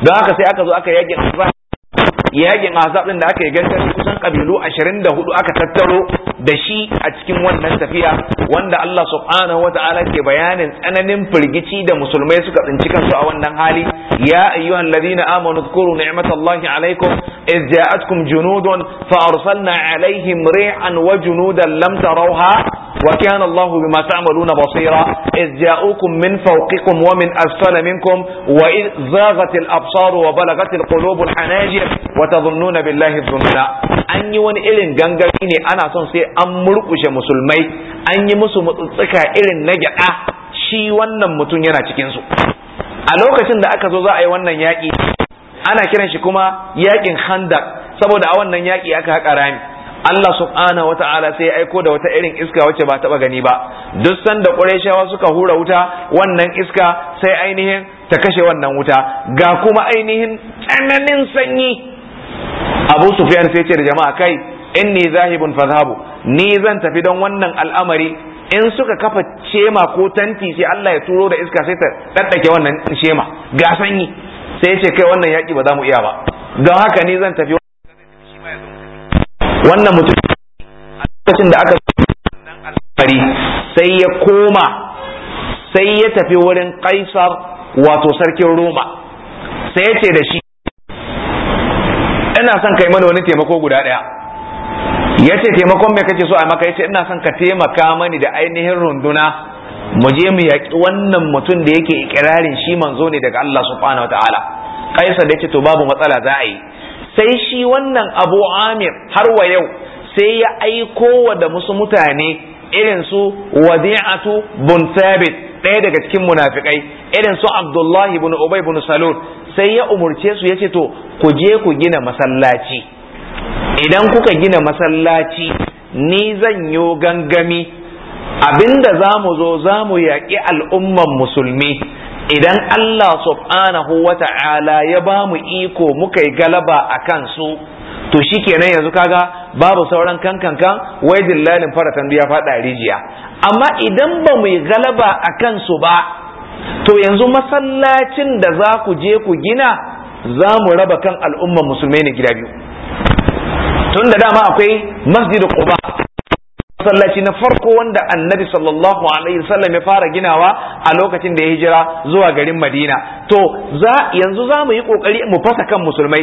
don haka sai aka zo aka yaƙi yakin azab din da aka yi gangan kusan kabilu 24 aka tattaro da shi a cikin wannan tafiya wanda Allah subhanahu ta'ala ke bayanin tsananin firgici da musulmai suka tsinci kansu a wannan hali ya ayyuhan ladina amanu dhkuru ni'matallahi alaikum iz ja'atkum junudun fa arsalna alaihim ri'an wa junudan lam tarawha wa kana Allahu bima ta'maluna basira iz ja'ukum min fawqikum wa min asfala minkum wa iz zaghat al wa balagat al hanajir wata zunnuna billahi zunna an yi wani irin gangari ne ana son sai an murkushe musulmai an yi musu mutsutsuka irin na gyada shi wannan mutum yana cikin su a lokacin da aka zo za a yi wannan yaƙi ana kiran shi kuma yaƙin handak saboda a wannan yaƙi aka haƙa rami Allah subhanahu wa ta'ala sai ya aiko da wata irin iska wacce ba taba gani ba duk sanda Qurayshawa suka hura wuta wannan iska sai ainihin ta kashe wannan wuta ga kuma ainihin tsananin sanyi abu sufyan sai ce da jama'a kai inni zahibun fadhabu ni zan tafi don wannan al'amari in suka kafa cema ko tanti sai Allah ya turo da iska sai ta daddake wannan shema ga sanyi sai ce kai wannan yaki ba za mu iya ba don haka ni zan tafi wannan mutum a lokacin da aka al'amari sai ya koma sai ya tafi wurin kaisar wato sarkin roma sai ya ce da shi ina son kai mana wani taimako guda ɗaya ya ce taimakon me kake so a maka ya ina son ka taimaka mani da ainihin runduna mu je mu yaƙi wannan mutum da yake ikirarin shi manzo ne daga Allah subhanahu wataala kaisa da yake to babu matsala za a yi sai shi wannan abu amir har wa yau sai ya aiko wa da musu mutane irin su wadi'atu bun thabit ɗaya daga cikin munafikai irin su abdullahi ibn ubay ibn salul sai ya umurce su ya ce to ku je ku gina masallaci idan kuka gina masallaci ni zan yo gangami abinda za mu zo za mu yaƙi al'umman musulmi idan Allah subhanahu wa ta'ala ya ba mu iko muka galaba a su to shikenan yanzu kaga babu sauran kankan kan wai dillalin faratan ya faɗa rijiya amma idan ba mu yi galaba a kansu ba to yanzu masallacin da za ku je ku gina za mu raba kan al'ummar musulmai ne gida biyu tun da dama akwai masjidu quba masallaci na farko wanda annabi sallallahu alaihi wasallam ya fara ginawa a lokacin da ya hijira zuwa garin madina to za yanzu za mu yi kokari mu fasa kan musulmai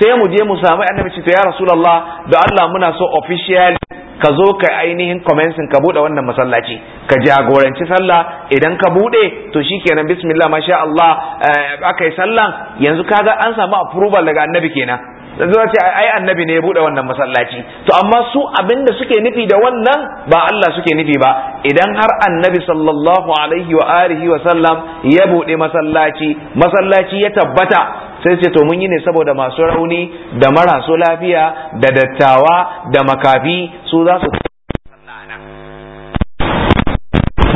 sai mu je mu samu annabi ce ya rasulullah da Allah muna so officially ka zo ka ainihin commencing ka bude wannan masallaci ka jagoranci sallah idan ka bude to shikenan bismillah masha Allah eh, aka yi sallan yanzu kaga an samu approval daga annabi kenan yanzu ce ai annabi ne ya bude wannan masallaci to amma su abinda suke nufi da wannan ba Allah suke nufi ba idan har annabi sallallahu alaihi wa alihi wa sallam ya bude masallaci masallaci ya tabbata sai ce to mun yi ne saboda masu rauni da marasu lafiya da dattawa da makafi su za su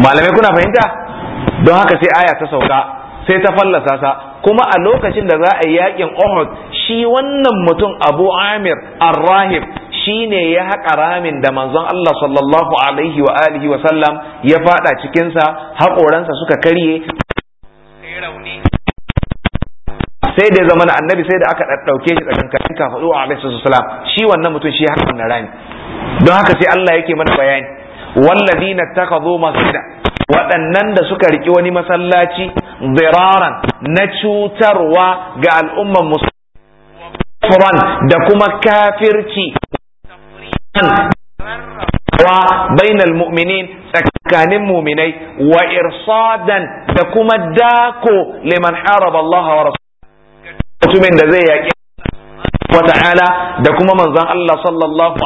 malamai kuna fahimta don haka sai aya ta sauka sai ta fallasa sa kuma a lokacin da za a yi yakin Uhud shi wannan mutum Abu Amir Ar-Rahib shine ya haƙa ramin da manzon Allah sallallahu alaihi wa alihi wa sallam ya fada cikin sa haƙoransa suka karye rauni sai da zaman annabi sai da aka ɗauke shi tsakankanin kafaɗu a alaihi salam shi wannan mutum shi haka wannan rami don haka sai Allah yake mana bayani walladina takazo masjida waɗannan da suka riƙi wani masallaci ziraran na cutarwa ga al'umman musulman da kuma kafirci wa bainal mu'minin tsakanin muminai wa irsadan da kuma dako liman haraba Allah wa mutumin da zai yaƙi wata ala da kuma manzon Allah sallallahu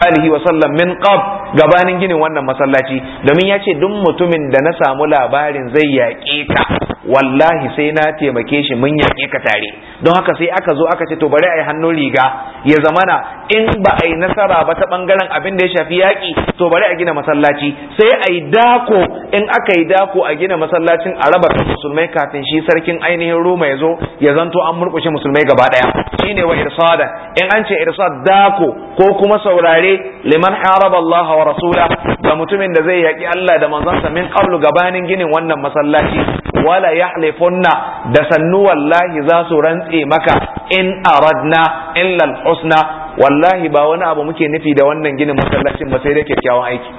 alihi wa sallam min qab gabanin ginin wannan masallaci domin ya ce duk mutumin da na samu labarin zai yaƙe ka wallahi sai na taimake shi mun yaƙe ka tare don haka sai aka zo aka ce to bari a yi hannun riga ya zamana in ba a yi nasara ba ta bangaren abin da ya shafi yaƙi to bari a gina masallaci sai a yi dako in aka yi dako a gina masallacin a raba musulmai kafin shi sarkin ainihin Roma ya zo ya zanto an murƙushe musulmai gaba ɗaya shine wa irsada in an ce irsad dako ko kuma saurare liman haraba Allah wa rasula ga mutumin da zai yaki Allah da manzansa min qablu gabanin ginin wannan masallaci wala yahlifunna da sannu wallahi za su rantse maka in aradna illa al-husna wallahi ba wani abu muke nufi da wannan ginin masallacin ba sai dai kyakkyawan aiki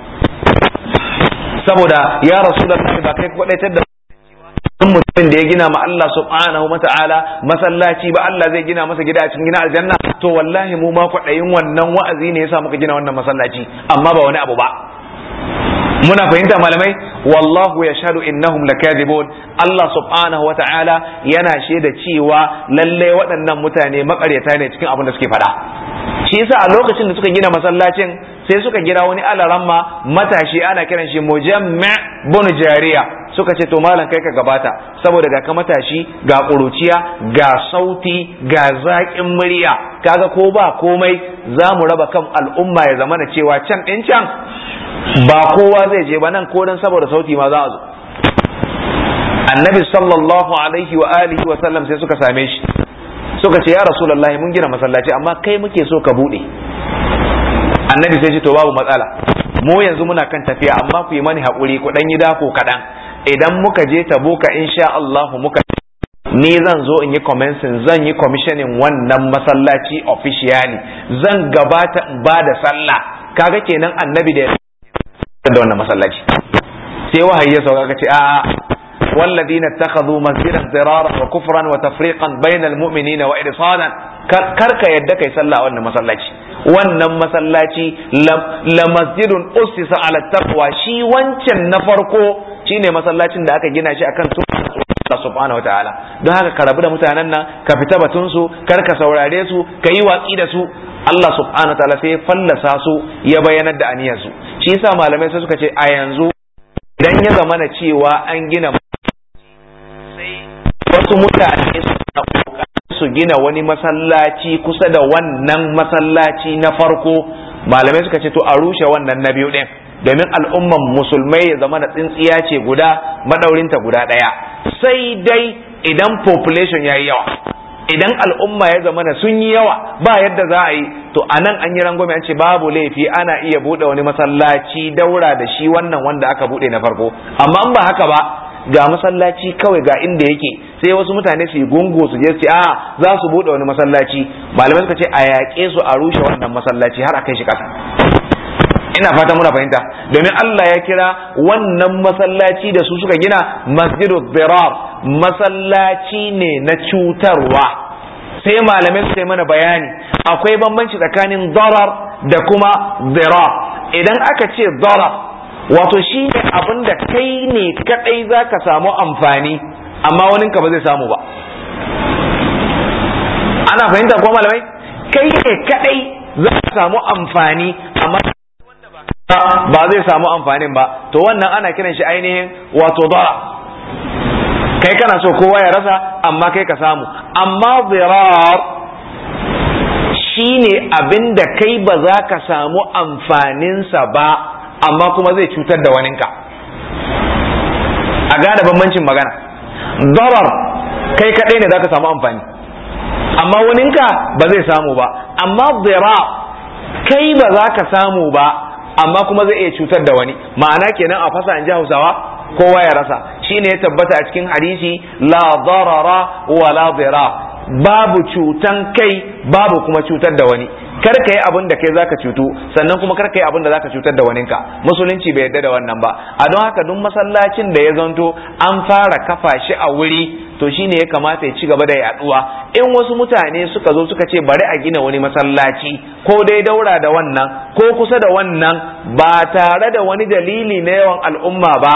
saboda ya rasulullahi ba kai kwadaitar da in mutum da ya gina ma Allah subhanahu wa ta'ala masallaci ba Allah zai gina masa gida a cikin gina aljanna to wallahi mu ma kwaɗayin wannan wa'azi ne yasa muka gina wannan masallaci amma ba wani abu ba muna fahimta malamai wallahu ya shaɗu innahum lakadibun Allah subhanahu wa ta'ala yana shaida cewa lalle waɗannan mutane makaryata ne cikin abin da suke faɗa shi yasa a lokacin da suka gina masallacin sai suka gira wani alaramma matashi ana kiran shi mujammi' bun jariya suka ce to malam kai ka gabata saboda ga ka matashi ga ƙuruciya ga sauti ga zaƙin murya kaga ko ba komai za mu raba kan al'umma ya zamana cewa can ɗin can ba kowa zai je ba nan ko dan saboda sauti ma za a zo annabi sallallahu alaihi wa alihi wa sallam sai suka same shi suka ce ya rasulullahi mun gina masallaci amma kai muke so ka buɗe. annabi sai ce to babu matsala mu yanzu muna kan tafiya amma ku yi mani haƙuri ku ɗan yi dako kaɗan idan muka je tabuka insha Allahu muka ni zan zo in yi commencing zan yi commissioning wannan masallaci officially zan gabata in ba da sallah kaga kenan annabi da da wannan masallaci sai wahayi ya sauka kace a والذين اتخذوا مسجدا ضرارا وكفرا وتفريقا بين المؤمنين وإرصادا كرك يدك يسلى أن مسلج wannan masallaci la masjidun ussisa ala taqwa shi wancan na farko shine masallacin da aka gina shi akan sunna Allah subhanahu wa don haka ka rabu da mutanen nan ka fita batun su kar ka saurare su ka yi watsi da su Allah subhanahu wa sai fallasa su ya bayyanar da aniyar su shi yasa malamai sai suka ce a yanzu idan ya zamana cewa an gina sai wasu mutane su gina wani masallaci kusa da wannan masallaci na farko malamai suka ce to a rushe wannan na biyu din domin al'umman musulmai ya zama da tsintsiya ce guda madaurinta guda ɗaya sai dai idan population ya yi yawa idan al'umma ya zama da sun yi yawa ba yadda za a yi to a nan an yi rangwame an ce babu laifi ana iya buɗe wani masallaci daura da shi wannan wanda aka buɗe na farko amma in ba haka ba ga masallaci kawai ga inda yake sai wasu mutane su yi gungu su je su a ah, za su bude wani masallaci malamai suka ce a yaƙe su a rushe wannan masallaci har a kai shi ƙasa ina fata muna fahimta domin Allah ya kira wannan masallaci da su suka gina masjidu birar masallaci ne na cutarwa sai malamai su yi mana bayani akwai bambanci tsakanin zarar da kuma dirar idan aka ce zarar wato shi ne abin da kai ne kadai zaka samu amfani amma wani ka ba zai samu ba ana fahimta ko malamai kai ne kadai za ka samu amfani amma ba zai samu amfanin ba to wannan ana kiran shi ainihin wato dara kai kana so kowa ya rasa amma kai ka samu amma zirar shine abin da kai ba za ka samu amfaninsa ba amma kuma zai cutar da waninka a gada bambancin magana darar kai kaɗai ne zaka samu amfani amma waninka ba zai samu ba amma dira kai ba za ka samu ba amma kuma zai iya cutar da wani ma'ana kenan a fasa in ji hausawa kowa ya rasa shine ya tabbata a cikin hadisi la darara wa la dira babu cutan kai babu kuma cutar da wani kar ka yi abin da kai zaka cutu sannan kuma kar ka yi abin da zaka cutar da waninka musulunci bai yarda da wannan ba a don haka duk masallacin da ya zanto an fara kafa shi a wuri to shine ya kamata ya ci gaba da yaduwa in wasu mutane suka zo suka ce bari a gina wani masallaci ko dai daura da wannan ko kusa da wannan ba tare da wani dalili na yawan al'umma ba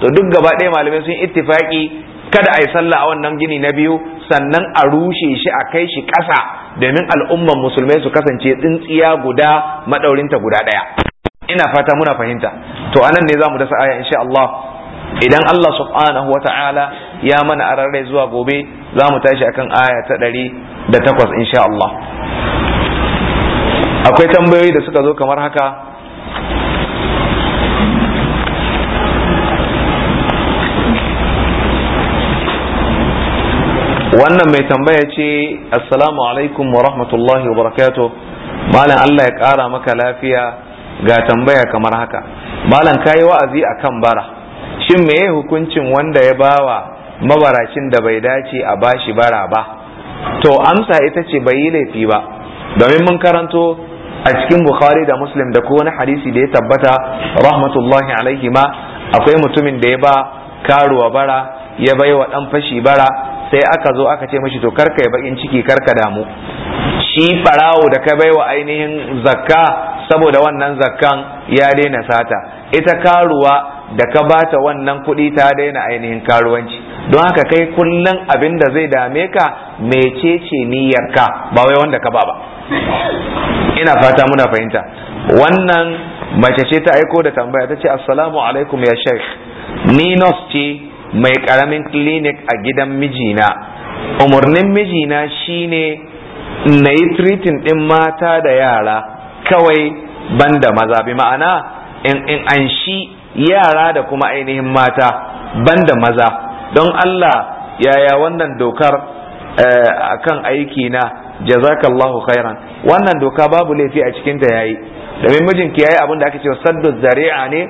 to duk gaba ɗaya malamai sun ittifaki kada a yi sallah a wannan gini na biyu sannan a rushe shi a kai shi ƙasa domin al'umman musulmai su kasance tsintsiya guda maɗaurinta guda ɗaya ina fata muna fahimta to anan ne za mu dasa aya insha Allah idan Allah subhanahu wa ta'ala ya mana ararrai zuwa gobe za mu tashi akan aya ta ɗari da takwas insha Allah akwai tambayoyi da suka zo kamar haka wannan mai tambaya ce assalamu alaikum wa rahmatullahi wa barakato. malam Allah ya ƙara maka lafiya ga tambaya kamar haka malam kayi wa'azi a kan bara shin meye hukuncin wanda ya bawa mabaracin da bai dace a bashi bara ba to amsa ita ce bai yi laifi ba domin mun karanto a cikin bukhari da muslim da kowane hadisi da ya tabbata rahmatullahi alaihi ma akwai mutumin da ya ba karuwa bara ya bai wa dan fashi bara sai aka zo aka ce mashi to karka ya bakin ciki karka damu shi farawo da ka baiwa ainihin zakka saboda wannan zakkan ya daina sata ita karuwa da ka bata wannan kuɗi ta daina ainihin karuwanci don haka kai kullum abin da zai dame ka mecece niyyarka ba wai wanda ka ba ba ina fata muna fahimta wannan mace ce ta aiko da tambaya ta ce assalamu alaikum ya sheikh ni nos ce mai karamin clinic a gidan mijina umarnin mijina shine na yi treating din mata da yara kawai banda maza bi ma'ana in an shi yara da kuma ainihin mata banda maza don Allah yaya wannan dokar eh, a kan aiki na jazakallahu khairan wannan doka babu laifi a cikinta yayi domin mijinki yayi abin da ake cewa saddu zari'a ne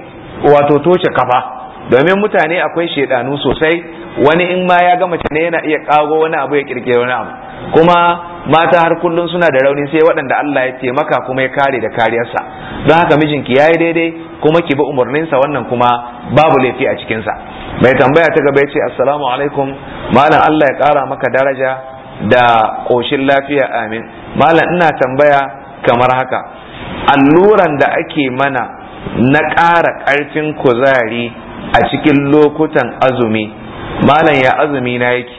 wato toshe kafa domin mutane akwai shaidanu sosai wani in ma ya gama mace ne yana iya kago wani abu ya kirkire wani abu kuma mata har kullum suna da rauni sai waɗanda Allah ya taimaka kuma ya kare da kariyarsa don haka mijinki ya yi daidai kuma ki bi umarninsa wannan kuma babu laifi a cikinsa mai tambaya ta gaba ya ce assalamu alaikum malam Allah ya kara maka daraja da ƙoshin lafiya amin malam ina tambaya kamar haka alluran da ake mana na ƙara ƙarfin kuzari a cikin lokutan azumi malam ya azumi na yake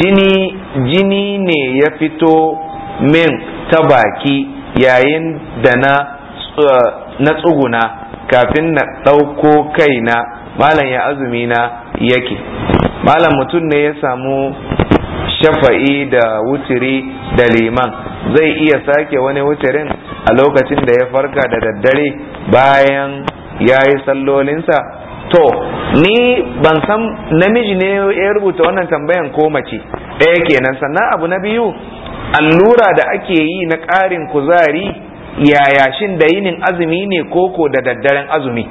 jini jini ne ya fito min ta baki yayin da na uh, na tsuguna kafin na ɗauko kaina malam ya azumi na yake malam mutum ne ya samu shafa'i da wuturi da liman zai iya sake wani wuturin a lokacin da ya farka da daddare bayan ya yi sallolinsa to ni ban san namiji ne ya rubuta wannan tambayan ko mace ɗaya kenan sannan abu na biyu allura da ake yi na ƙarin kuzari yaya shin da yinin azumi ne koko da daddaren azumi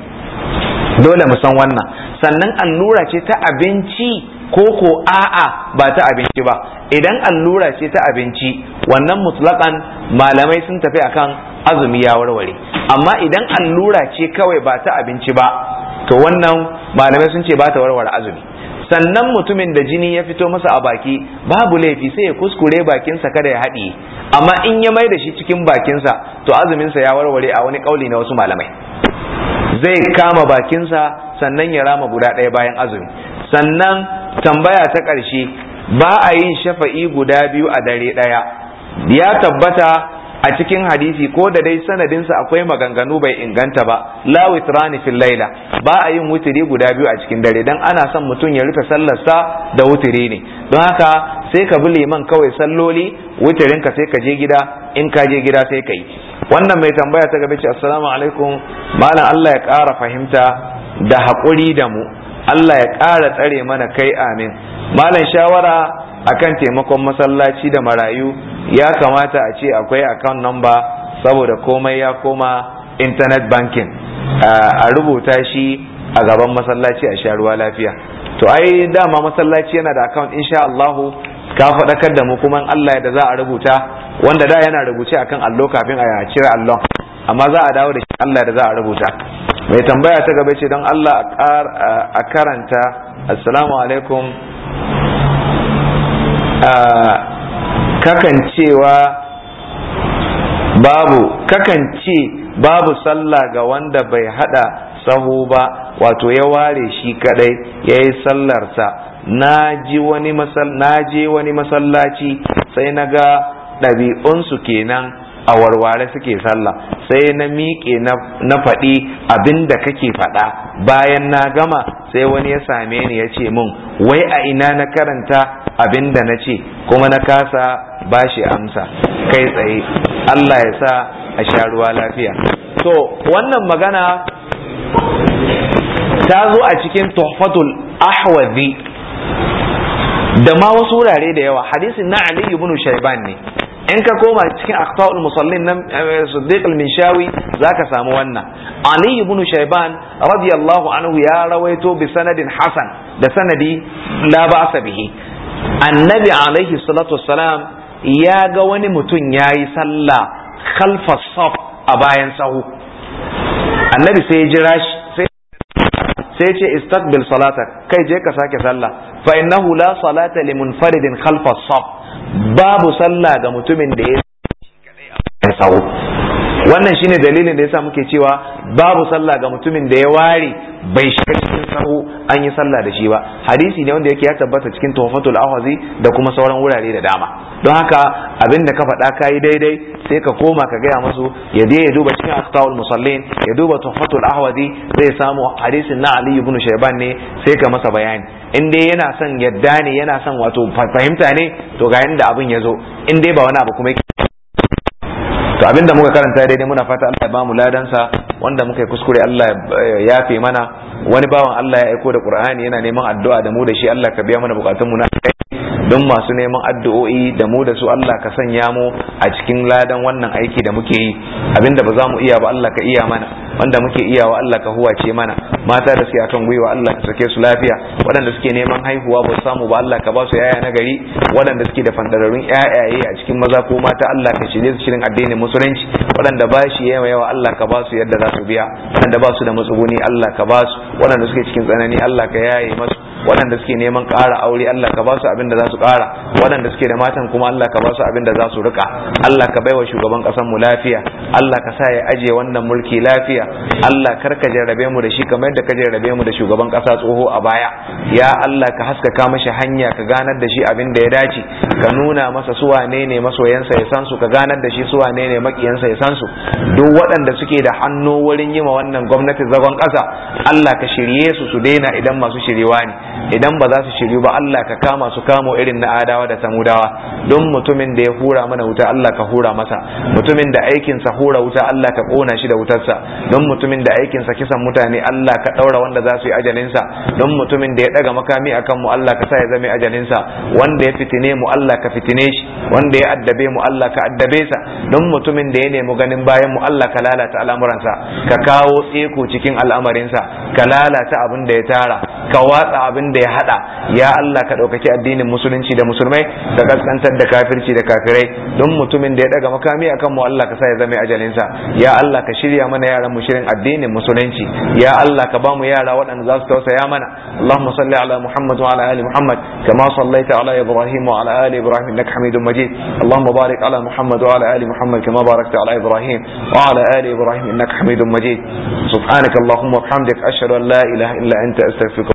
dole mu san wannan sannan allura ce ta abinci koko a'a ba ta abinci ba idan allura ce ta abinci wannan mutlaƙan malamai sun tafi akan azumi ya warware amma idan allura ce kawai ba ta abinci ba to wannan malamai sun ce ba ta warware azumi sannan mutumin da jini ya fito masa a baki babu laifi sai ya kuskure bakinsa kada ya haɗiye amma in ya mai da shi cikin bakinsa to azuminsa ya warware a wani ƙauli na wasu malamai zai kama bakinsa sannan ya rama guda ɗaya bayan azumi sannan tambaya ta ƙarshe ba a yin shafa'i guda biyu a dare ɗaya ya tabbata a cikin hadisi ko da dai sanadinsa akwai maganganu bai inganta ba la witrani fil laila ba a yin wuturi guda biyu a cikin dare dan ana son mutum ya rufe sallarsa da wutiri ne don haka sai ka bi liman kawai salloli wutirin ka sai ka je gida in ka je gida sai ka wannan mai tambaya ta gaba ce assalamu alaikum malam Allah ya ƙara fahimta da haƙuri da mu Allah ya ƙara tsare mana kai amin malam shawara akan taimakon masallaci da marayu ya kamata a ce akwai account number saboda komai ya koma internet banking a rubuta shi a gaban masallaci a sharuwa lafiya to ai dama masallaci yana da account insha Allahu ka faɗakar da mu kuma Allah da za a rubuta wanda da yana rubuce akan allo kafin a cire allon amma za a dawo da shi Allah da za a rubuta mai tambaya ta gaba ce don Allah a karanta assalamu alaikum kakan babu kakance ce babu sallah ga wanda bai hada sahu ba wato ya ware shi kadai ya yi sallarsa na je wani masallaci sai na ga ɗabi'unsu kenan a warware suke sallah sai na miƙe na faɗi abin da kake faɗa bayan na gama sai wani ya same ni ya ce mun wai a ina na karanta abin da na ce kuma na kasa ba shi amsa kai tsaye Allah ya sa a sha ruwa lafiya to wannan magana ta zo a cikin tuhfatul ahwazi da ma wasu wurare da yawa hadisin na Ali ibn Shayban ne in ka koma cikin akhta'ul musallin nan eh, siddiq al-minshawi zaka samu wannan ali ibn shayban radiyallahu anhu ya rawaito bi sanadin hasan da sanadi la ba'sa bihi annabi alaihi salatu wassalam ya ga wani mutum yayi sallah khalfa saf a bayan sahu annabi sai ya jira shi sai ce istaqbil kai je ka sake sallah fa innahu la salata limunfaridin khalfa saf babu sallah ga mutumin da ya kadai wannan shine dalilin da yasa muke cewa babu sallah ga mutumin da ya ware bai shiga cikin sahu an yi sallah da shi ba hadisi ne wanda yake ya tabbata cikin tuhfatul ahwazi da kuma sauran wurare da dama don haka abin da ka faɗa kayi daidai sai ka koma ka gaya musu ya je ya duba cikin akhtaul musallin ya duba tuhfatul ahwazi zai samu hadisin na ali ibn shayban ne sai ka masa bayani in dai yana son yadda ne yana son wato fahimta ne to ga yanda abin ya zo in dai ba wani abu kuma yake to abinda muka karanta daidai muna fata Allah ya ba mu ladansa wanda muka yi kuskure Allah ya yafe mana wani bawan Allah ya aiko da Qur'ani yana neman addu'a da mu da shi Allah ka biya mana bukatun mu na don masu neman addu'o'i da mu da su Allah ka sanya mu a cikin ladan wannan aiki da muke yi abinda ba za mu iya ba Allah ka iya mana wanda muke iya wa Allah ka huwace mana mata da suke akan gwiwa Allah ka sake su lafiya waɗanda suke neman haihuwa ba samu ba Allah ka ba su yaya na gari waɗanda suke da fandararrun yayaye a cikin maza ko mata Allah ka shirye su shirin addinin musulunci waɗanda ba shi yawa yawa Allah ka ba su yadda za su biya waɗanda ba su da matsuguni Allah ka ba su waɗanda suke cikin tsanani Allah ka yaye masu waɗanda suke neman ƙara aure Allah ka ba su abin da za su ƙara waɗanda suke da matan kuma Allah ka ba su abin da za su rika Allah ka baiwa shugaban ƙasar mu lafiya Allah ka sa ya aje wannan mulki lafiya Allah kar ka jarrabe mu da shi kamar yadda ka jarrabe mu da shugaban ƙasa tsoho a baya ya Allah ka haskaka mashi hanya ka ganar da shi abin da ya dace ka nuna masa su wane ne masoyansa ya san su ka ganar da shi su wane ne makiyansa ya san su duk waɗanda suke da hannu wurin yi wa wannan gwamnati zagon ƙasa Allah ka shirye su su daina idan masu shiriwa ne idan ba za su shiryu ba Allah ka kama su kamo irin na adawa da samudawa don mutumin da ya hura mana wuta Allah ka hura masa mutumin da aikinsa hura wuta Allah ka kona shi da wutarsa don mutumin da aikinsa kisan mutane Allah ka daura wanda za su yi ajalinsa don mutumin da ya daga makami akan mu Allah ka sa ya zama ajalinsa wanda ya fitine mu Allah ka fitine shi wanda ya addabe mu Allah ka addabe sa don mutumin da ya nemi ganin bayan mu Allah ka lalata al'amuransa ka kawo tseko cikin al'amarinsa ka lalata abin da ya tara ka watsa abin abin da ya hada ya Allah ka ɗaukaki addinin musulunci da musulmai da kaskantar da kafirci da kafirai don mutumin da ya daga makami akan mu Allah ka sa ya zama ajalinsa ya Allah ka shirya mana yaran mu shirin addinin musulunci ya Allah ka ba mu yara waɗanda za su tausaya mana Allahumma salli ala Muhammad wa ala ali Muhammad kama sallaita ala Ibrahim wa ala ali Ibrahim innaka Hamidum Majid Allahumma barik ala Muhammad wa ala ali Muhammad kama barakta ala Ibrahim wa ala ali Ibrahim innaka Hamidum Majid subhanaka Allahumma wa bihamdika ashhadu an la ilaha illa anta